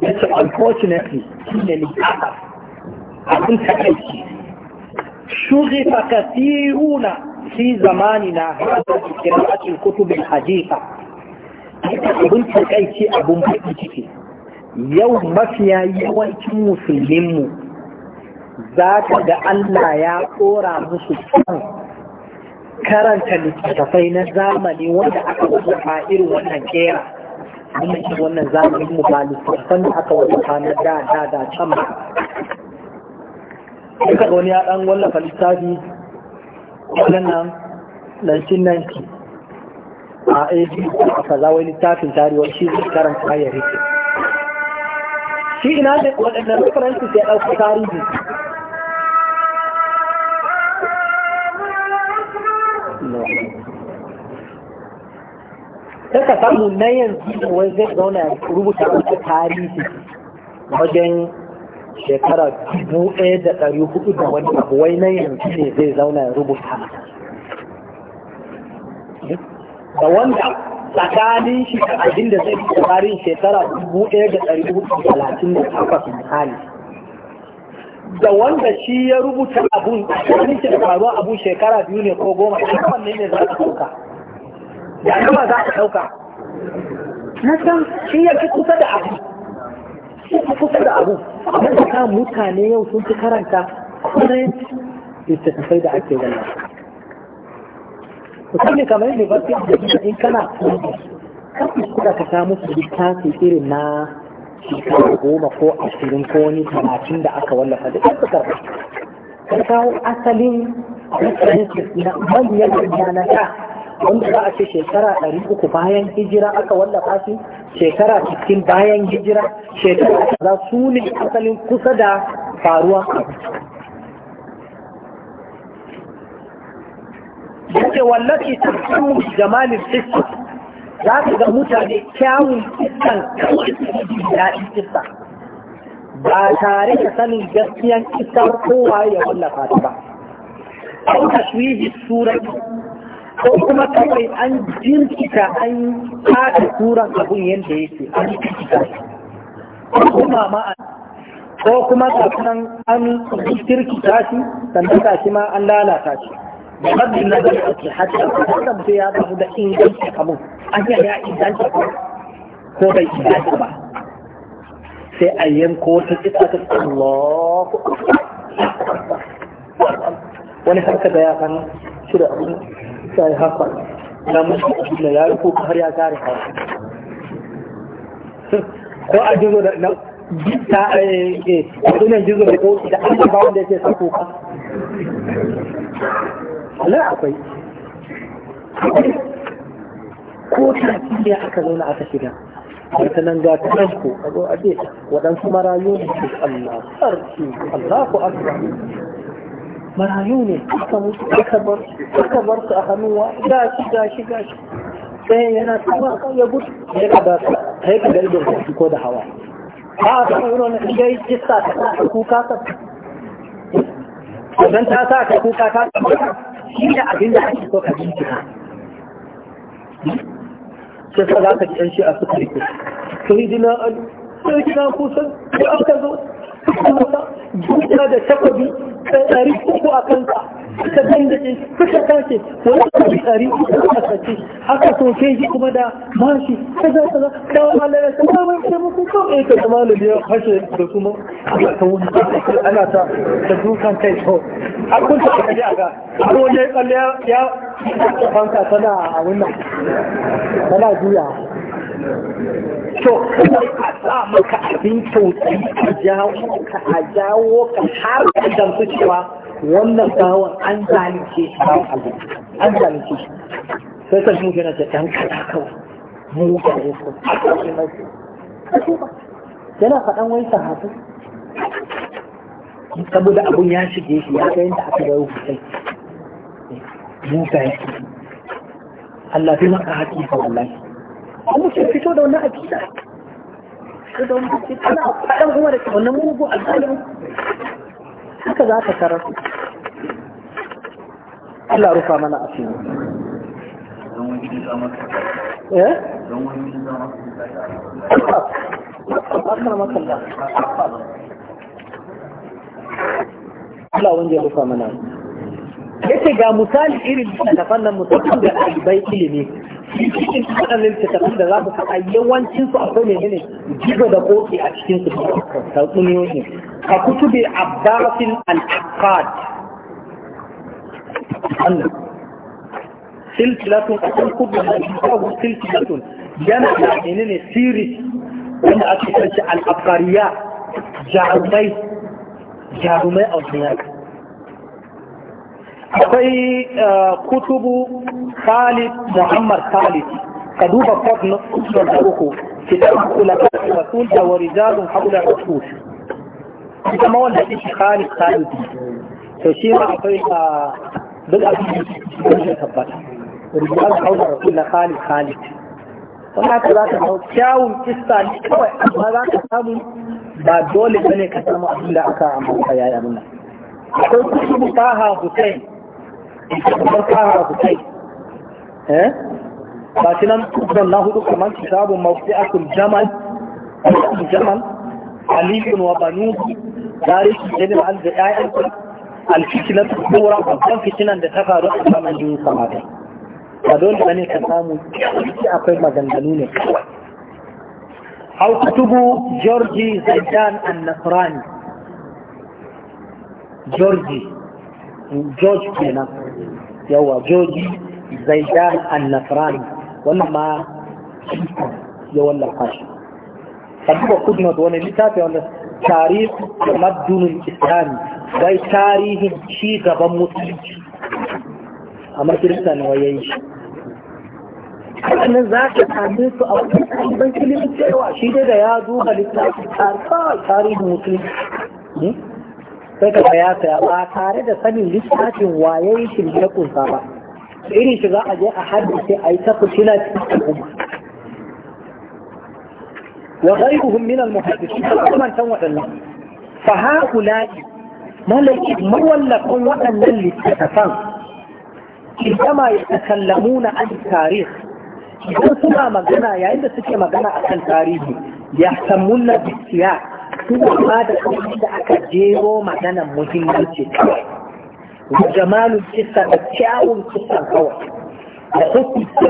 yace unfortunately shi ne ne kasa abin ta kai shi shugifa kasiruna fi zamanina hada da kiratun kutubin hadisa ita abin ta kai shi abin fadi cikin yau mafiya yawancin musulminmu za ka ga Allah ya tsora musu kan karanta littattafai na zamani wanda aka a irin wannan kera wannan wannan zamani mu ba littattafan da aka wallafa na da da da can ba ga wani ya dan wallafa littafi wannan ki? a AD a kaza wani littafin tarihi shi zai karanta ya rike shi ina da waɗannan references ya ɗauki tarihi sai ka samu na yanzu wai zai zauna rubuta wata tarihi wajen shekara dubu ɗaya da ɗari hudu da wani abu wai na yanzu ne zai zauna rubuta da wanda tsakanin shi da abin da zai fi tsarin shekara dubu ɗaya da ɗari hudu talatin da takwas misali da wanda shi ya rubuta abun tsakanin shi da faruwa abun shekara biyu ne ko goma shi wannan ne za ka ɗauka da nawa za ka ɗauka na san shi ya fi kusa da abu shi ya fi kusa da abu abin ka mutane yau sun fi karanta current littattafai da ake gani kuma kamar yadda ba su yi in kana kafin kuka ka samu su littafi irin na shekara goma ko ashirin ko wani talatin da aka wallafa da ɗan suka ka kawo asalin na manyan yanata wanda za a ce shekara ɗari uku bayan hijira aka wallafa shi shekara cikin bayan hijira shekara za su ne asalin kusa da faruwa yace wallahi ta jamal al-qissa za su ga mutane kyawun kawai daɗin kissa ba tare da sanin gaskiyan kissan kowa ya wallafa ta ba ko tashwihi surat ko kuma kawai an jirkita an kada suran abun yadda yake an kika ko kuma ma ko kuma ga an jirkita shi sannan ga shi ma an lalata shi بغض النظر عن صحتها هذا بيان هذا إن جيت كمو أنا يا إنسان ko bai inganta ba sai a yanko ta tsita ta Allah. wani harka da ya kan shirya abin sai haka na da ya yi kuka har ya kare haka ko a jizo da ta eh, eh, jizo da ko da an ba wanda ce sa kuka la akwai ko ta ne aka zauna aka shiga wata nan ga kanku a zo a ce waɗansu marayu ne su Allah sarki Allah ku akbar marayu ne aka bar su a hannuwa ga shi ga shi ga shi sai yana tuba ya gudu ya ka ba su kai ka galibin kwashi ko da hawa ba a sanar irin wani ga yi kista ta kuka ta dan ta sa ka kuka ta shi da abin da ake so ka bincika sai sa za ka ci shi a suka rike sai dina an sai kina kusan ko aka zo duka da takobi ɗari uku a kanka suka dangace suka tace wani kabi ɗari uku a sace aka soke shi kuma da mashi kaza kaza da Allah ya kuma mai ce muku ko eh ka zama da biya fashe da kuma aka ta wani ana ta ta dukan kai to a kun ta kaje a ga ko ne kalle ya ya fanka tana a wannan tana juya to kuma a sa maka abin tausayi a jawo ka a jawo ka har ka gamsu cewa wannan bawan an zalunce shi ba Allah an zalunce shi sai ka shuke na dan kada kawai mu ga yesu yana faɗan wani sahabu saboda abun ya shige shi ya ga yadda aka ga rubutai mu ga Allah zai maka haƙi fa wallahi kuma ke fito da wannan aƙida ko da wannan kuma da wannan mugu alƙalin haka za ka tarar Allah rufa mana asiri eh Allah wanda ya rufa mana yace ga misali irin da fannin mutum da ɗalibai ilimi cikin waɗannan littattafan da za su faɗa yawancin su akwai ne ne jiba da kofi a cikin su ta tsuniyoyi ka kutu kutubi abbasin al-aqad silsilatun a kan kudin da kitabu silsilatun yana da ne ne series wanda ake kanci al-aqariya jarumai jarumai a wajen yaki akwai eh, kutubu khalid muhammad khalid ka duba na kwadnon da uku kitab ulama rasul da wa rijalun haula rasul kuma wanda shi khalid khalid to shi ma akwai a eh, duk abin da tabbata rijalun haula rasul na khalid khalid wanda ka za ka hau kyawun kista ne kawai amma za ka samu ba dole ne ka samu abin da aka amma ya yi abin nan akwai kutubu taha hussein kamar kara su kai eh ba shi nan kusan na hudu kamar kitabun mawdi'atul jamal jamal alifun wa banuhu tarihi ibn al-ayyan al-fitna kubra babban fitinan da ta faru a zamanin sahabbai ba dole ne ka samu akwai maganganu ne kawai أو كتب جورجي زيدان النصراني جورجي george kenan yawa george zaidan al-Nasrani wannan ma ya wallafa shi ka duba kudnot wani littafi wanda tarihi maddunin islami wai tarihin ci gaban musulunci a makirista ne waye shi kaɗanin za ka same su a wani ɗan cewa shi dai da ya duba littafi tarihin musulunci hmm? sai ka ya saya ba tare da sanin littafin waye shi ne kunsa ba irin shi za a je a haddace a yi ta fitina cikin al'umma wa ghayruhum min al-muhaddisin kuma tan wadannan fa haula malaki mawallafin waɗannan littattafan kama ya takallamuna an tarih idan suna magana yayin da suke magana akan tarihi ya samunna bisiya suna ba da kuma da aka jero maganan muhimmanci kawai da jamalun kisa da kyawun kisan kawai da hukunci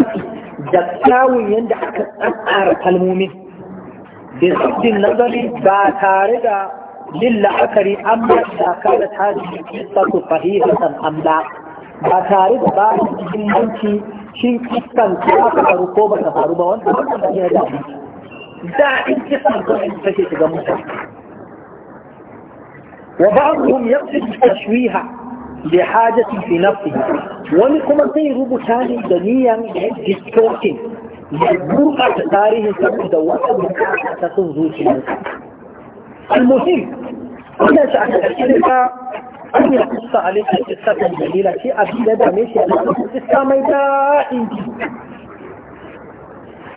da kyawun yadda aka tsara kalmomin da sabbin nazari ba tare da lilla la'akari an ba da kada ta ji kisa su fahimtar an ba ba tare da ba da muhimmanci shin kisan ta aka faru ko ba ta faru ba wanda ba ta da وبعضهم يقصد التشويه لحاجة في نفسه ولكم سيروب ثاني دنيا ديستورتين يبرق تاريه سبب دوات المكاكة تنزوج المهم أنا سأتكلم أن أقص عليك قصة جميلة في أبي لدى ميسي أنا قصة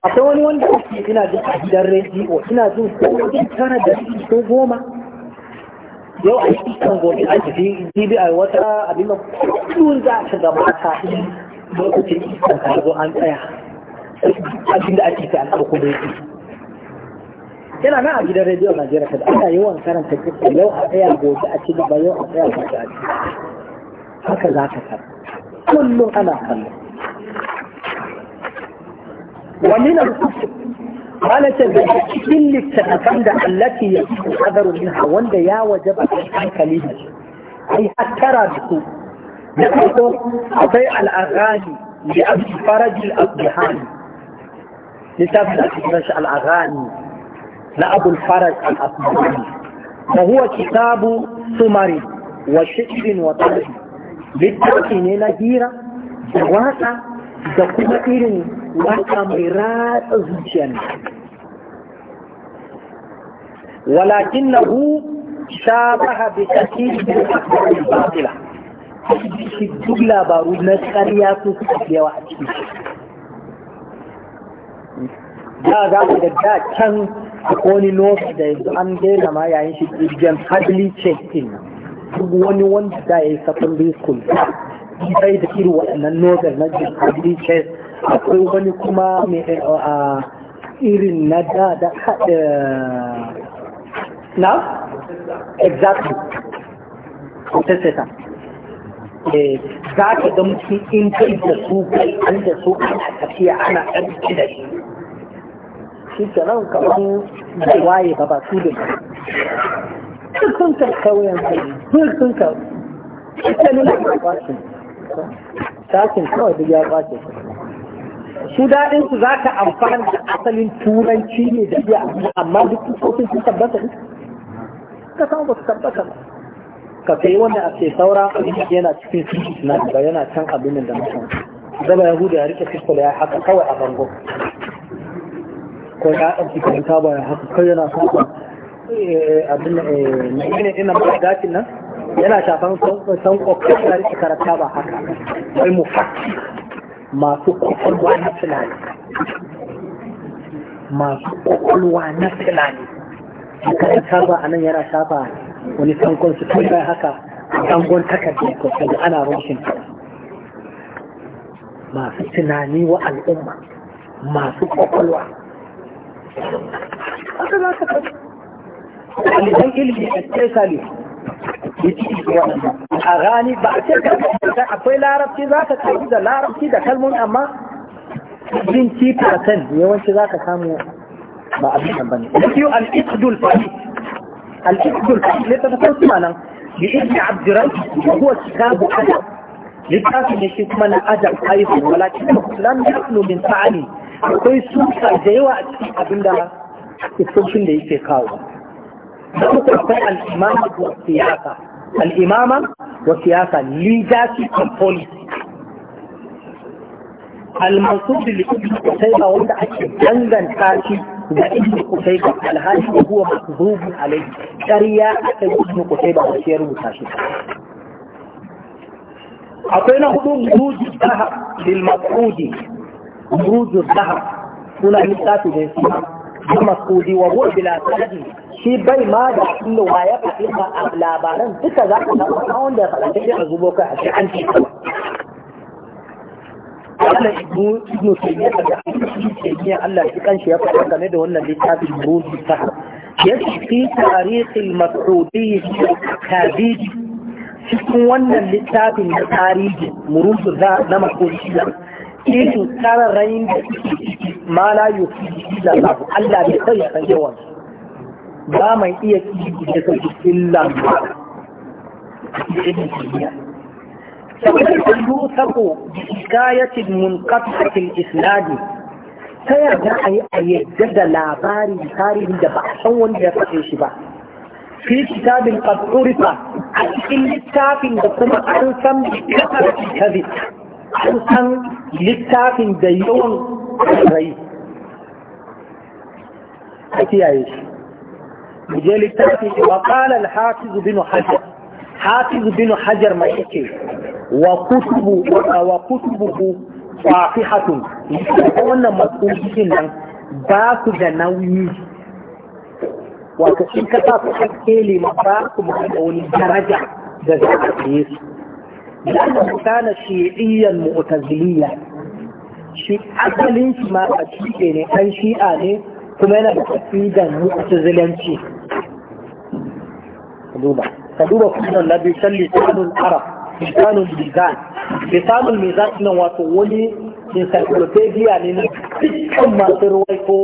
akwai wani wanda ake ina jin a gidan rediyo ina jin kogin tara da ko goma yau a yi kan gobe a jiri jibi a wata abin da kudin za a ga mata lokacin iskan ta zo an tsaya abin da ake ta an kuma yake yana nan a gidan rediyo Najeriya kada ana yawan karanta kisa yau a tsaya gobe a cikin ba, yau a tsaya gobe a cikin haka za ka kar kullum ana kallon Wani min al-kutub da cikin littattafan da allati ya hadaru minha wanda ya wajaba hankali da shi ai hattara da su da akwai al-aghani li da cikin shi al abu al kitabu sumari wa shi'rin wa littafi ne na hira da waka da kuma irin wata mai ratsa zuciya ne walakin na hu shabaha bi kasiri da akwai batila shi duk labaru na kariya su suka yawa a cikin da za ku da da can koni lokaci da yanzu an daina ma yayin shi jirgin hadley check in duk wani wanda da ya yi secondary school sai da iri waɗannan nobel na jirgin hadli check akwai wani kuma mai eh, a irin na da da haɗe na? exactly protestata eh, za ka ga mutum in kai da su kai an da su ana tafiya ana ɗarki da shi shi ke nan kamar bai waye ba ba su da ba sun ka ne kai sun ka ita nuna ya sun sakin kawai duk ya kwace su daɗinsu su za ka amfani da asalin turanci ne da iya amma duk kusosin sun tabbata ne ka samu ba su tabbata ba ka sayi wanda a ce saura yana cikin su na ba yana can abin da mutum zaba hudu ya rike fiskola ya haka kawai a bango ko ya ɗauki karanta ba ya haka kai yana sa eh, abin na ina ina ba dakin nan yana shafan san kokarin ya rike karanta ba haka mu masu kwakwalwa na tunani masu kwakwalwa na tunani a kan shafa a nan yana shafa wani tankon su tun bai haka tankon takardar ko kaji ana rushin masu tunani wa al'umma masu kwakwalwa haka za ka ɗaliban ilimi especially a gani ba a cika. ka akwai larabci za ka tafi da larabci da kalmomi amma bin kifatan yawanci za ka samu ba abin nan bane da biyu al-iqdul fahim al-iqdul fahim ne ta tafi suna nan bi ibn abdurrahman huwa kitabu adab littafin ne shi kuma na adab haihu walakin ya yaklu min fa'ali akwai suka da yawa a cikin abinda istoshin da yake kawo da kuma akwai al-imam wa siyasa الإمامة والسياسة leadership and policy المنصوب لابن قتيبة وانت أنزل تاشي لابن قتيبة الهاشي هو مكذوب عليه شريعة ابن قتيبة وشير متاشي أعطينا هدوم بروج الذهب للمفقود بروج الذهب هنا مثلات جنسية المفقود وهو بلا سند shi bai ma da wa ya faɗi ba a labaran duka za ka zama a wanda ya faɗa daidai a zubo kai a shi an ce kuma. Wannan ibnu Taymiyyah da ibnu Taymiyyah Allah shi kanshi ya faɗa game da wannan littafin Ruhi ta. Yace fi tarihin al-Mas'udi cikin wannan littafin na tarihi Murudu na Mas'udi irin kararrayin da suke ma la yufi Allah bai sai ya san yawan ba mai iya da ta illan ba يوثق بحكاية منقطعة الإسناد ta yarda a yi a yadda da labari tarihi da ba a san wanda ya faɗe shi ba fi kitabin qadurifa a cikin littafin da kuma an san kasar kitabi an san littafin da yawan rai a kiyaye shi جيلي تاتي وقال الحافظ بن حجر حافظ بن حجر مشكي وكتب وكتبه فاتحة وانا مسؤول جدا باس جنوي وتحين كتاب حكي لمقاك مخبون درجة جزاكيس لأنه كان شيئيا مؤتزليا شيء أقل ما أشيئني أن شيئاني كما أنا أتفيدا مؤتزليا شيئا duba ka duba kudin na biyu can lisanun arab lisanun mizan lisanun mizan nan wato wani encyclopedia ne na dukkan masu ruwaito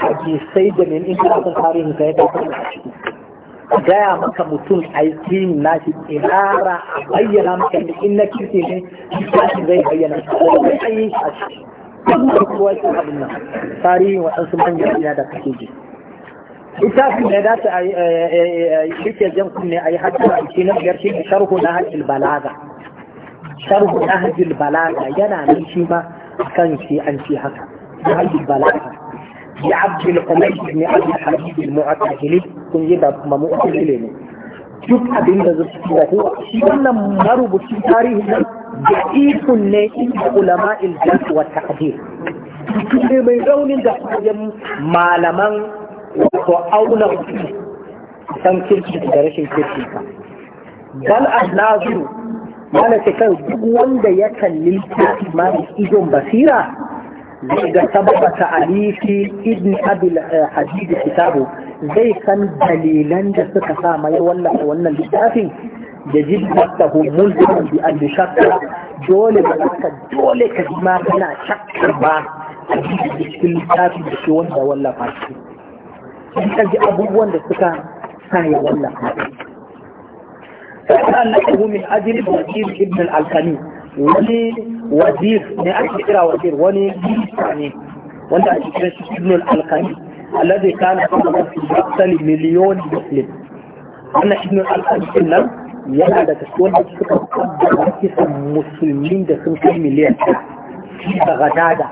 hadisai da min inda sun tarihin sa ya tafi a ciki gaya maka mutum aiki na shi tsirara a bayyana maka da in na kirki ne shi zai bayyana komai an yi shi a ciki duk da kuwa shi abin nan tarihin waɗansu manyan gida da kake ji littafin da za su shirke jan kunne a yi hatta shi na biyar shi ne sharhu na hajjil balaga sharhu na hajjil balaga yana nan shi ma kan shi an shi haka na hajjil balaga ya abdul humayt ne abdul habib al mu'tazili kun yi da kuma mu'tazili ne duk abin da zai da ko shi wannan marubuci tarihi nan da'ifun ne inda ulama'il jarh wa ta'dil ne mai raunin da malaman ko auna san kirki da rashin kirki ka bal ahlazu mana ce kan duk wanda ya kalli kirki ma idon basira zai ga sababa ta alifi ibn abil eh, hadid kitabu zai san dalilan da suka sa mai wallafa wannan littafin Da dole ba ka dole ka ji ma kana shakka ba a cikin littafin da بشي وانت wallafa shi in ka abubuwan da suka sanya wannan haɗe. Sa'an na abu min ajin wazir ibn al-Alkani wani wazir ne ake kira wazir wani minista ne wanda ake kira shi ibn al-Alkani alladhi kana qadara fi baqtali miliyon muslim wannan ibn al-Alkani din nan yana da kasuwan da suka kaddara kisan musulmin da sun kai miliyan ta, Shi da gadada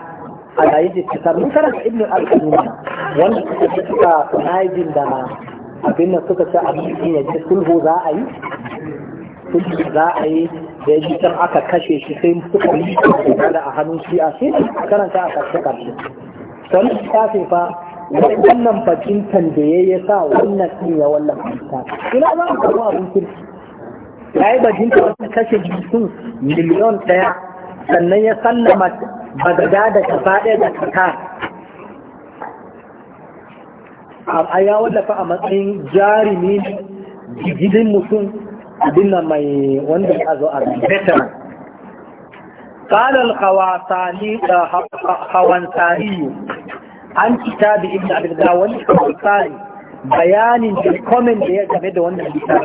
a yayin da suka mun karanta ibn al-qayyim wanda suka suka naibin da abin da suka ce abin ya da sulhu za a yi sulhu za a yi da ya ji can aka kashe shi sai suka yi da a hannun shi a shi karanta a karshe karshe sannan kafin fa wannan bakin tambaye ya sa wannan sun ya wannan fita ina za a samu abin kirki ya yi bakin ta wata kashe jikin miliyon ɗaya sannan ya sallama bagada da kafaɗe da kaka a ya wallafa a matsayin jarumi gidin mutum abin da mai wanda ya zo a veteran قال الخواساني خوانساري عن كتاب ابن bayanin da komen da ya game da wannan ya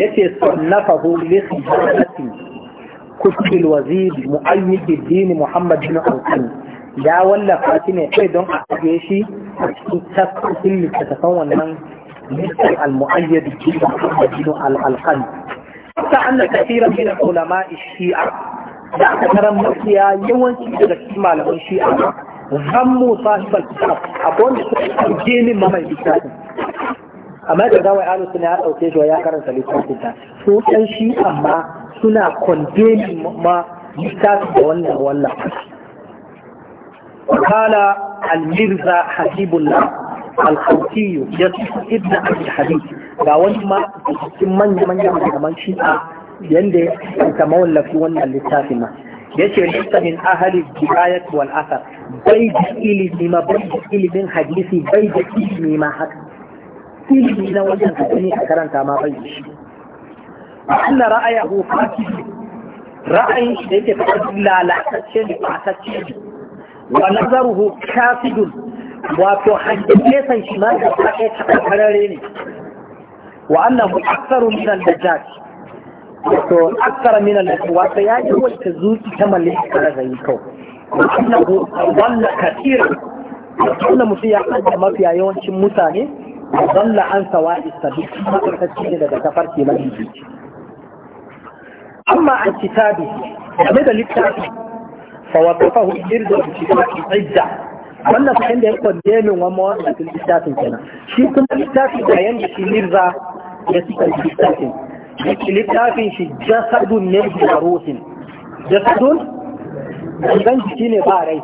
yace sannafa hulisun khidmati كتب الوزير مؤيد الدين محمد بن أوسن ya wallafa shi ne kai don a ajiye shi a cikin tasirin littattafan wannan listar al-mu'ayyad bin Muhammad bin al-Alqan ta anna kafiran min ulama shi'a da aka karan mafiya yawanci daga cikin malaman shi'a zammu sahib al-kitab abon da suka ɗauke min mamai littafin amma da zawai alu suna ya ɗauke shi ya karanta littafin ta su ɗan shi amma suna kwandemin ma littafi da wannan wannan قال المرزا حبيب الله الخوتي يصف ابن ابي hadi ga wani ma cikin manya manya malaman a yadda ya ta mawallafi wannan littafi ma ce lissa min ahali al tuwal wal bai da ilimi ma bai da ilimin hadisi bai da ilimi ma haka ilimi na wajen hadisi a karanta ma bai da shi ra'ayin ra'ayin shi da yake ra'ayin shi da yake ra'ayin lalatacce da fasacce wa nazaru hu kafidun wa to hakke san shi ma da ake tsakarare ne wa annahu aktharu min al-dajjal to aktharu min al-dajjal wa ya yi wa zuci ta malika da zai ko annahu walla kathir kuma mu fi yaka da mafiya yawancin mutane dalla an sawa'i sabiki ta cikin da ta farke mai amma an kitabi game da littafi fa waqafahu irda bi kitabi idda wannan fahim da ya kwande min wani wannan littafin kenan shi kuma littafin da yanda shi mirza ya suka littafin littafin shi jasadun ne da ruhin jasadun dan jiki ne ba rai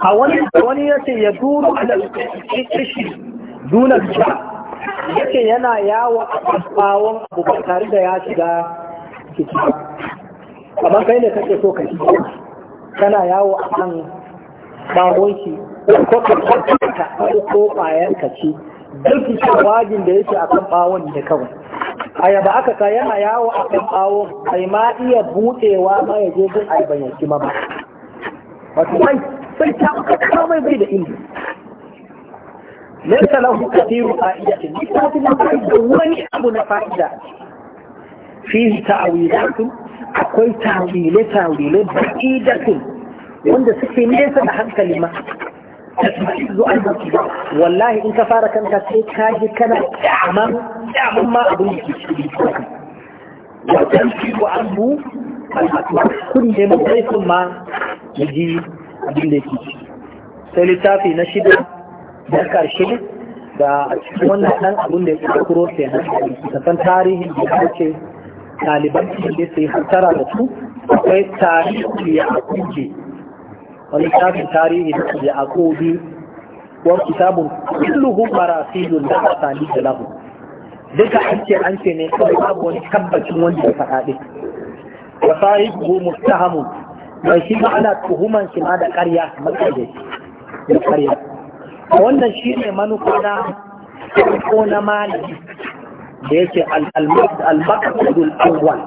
a wani wani ya ce ya duru ala kishi duna biya yake yana yawo a bawon abu ba tare da ya shiga ciki amma kai ne kake so ka shiga kana yawo a kan bawon shi ko ka ko ɓayan ka ci duk shawagin da yake a kan bawon ne kawai ayaba aka ka yana yawo a kan bawon bai ma iya buɗewa ma ya je gun ayyaban yanki ma ba wato mai sai ta mai bai da ilimi laysa lahu kathiru fa'idatin littafin da wani abu na fa'ida fihi ta'wilatun akwai tawile tawile ba'idatun wanda suke nesa da hankali ma tasbizu an wallahi in ka fara kanka sai ka ji kana kyaman kyaman ma abin da ke cikin ya tanti ko an bu kun ne mai kun ma ji abin da ke sai littafi na shida da karshe da wannan dan abun da ya kuro ke hankali da san tarihin da ya ce ɗaliban da sai yi hantara da su akwai tarihi ya akuje wani tafin tarihi da ya akubi wani kitabun kulluhum marasilu da asali da labu duka an ce an ce ne kawai babu wani tabbacin wanda ya faɗa ɗin wa sahibu Mustahamu mai shi ma ana tuhuman shi ma da ƙarya matsayi da ƙarya wannan shi ne manufa na ko na malami da yake al-maqsadul awwal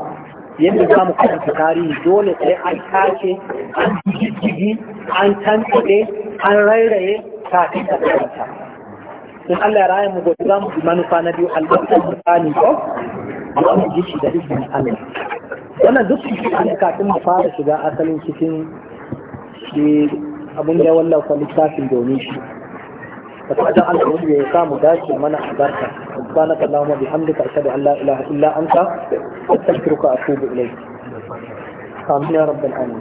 yadda za mu karanta tarihi dole sai an tace an jijjigi an tantade an rairaye kafin ka karanta in Allah ya raya mu gobe za mu manufa na biyu al-maqsadul thani ko za mu ji shi da izinin Allah wannan duk shi ne kafin mu fara shiga asalin cikin shi abin da ya wallafa littafin domin shi فقد الله ولي يقام داشي منع بركة سبحانك اللهم وبحمدك أشهد أن لا إله إلا أنت أستغفرك وأتوب إليك آمين يا رب العالمين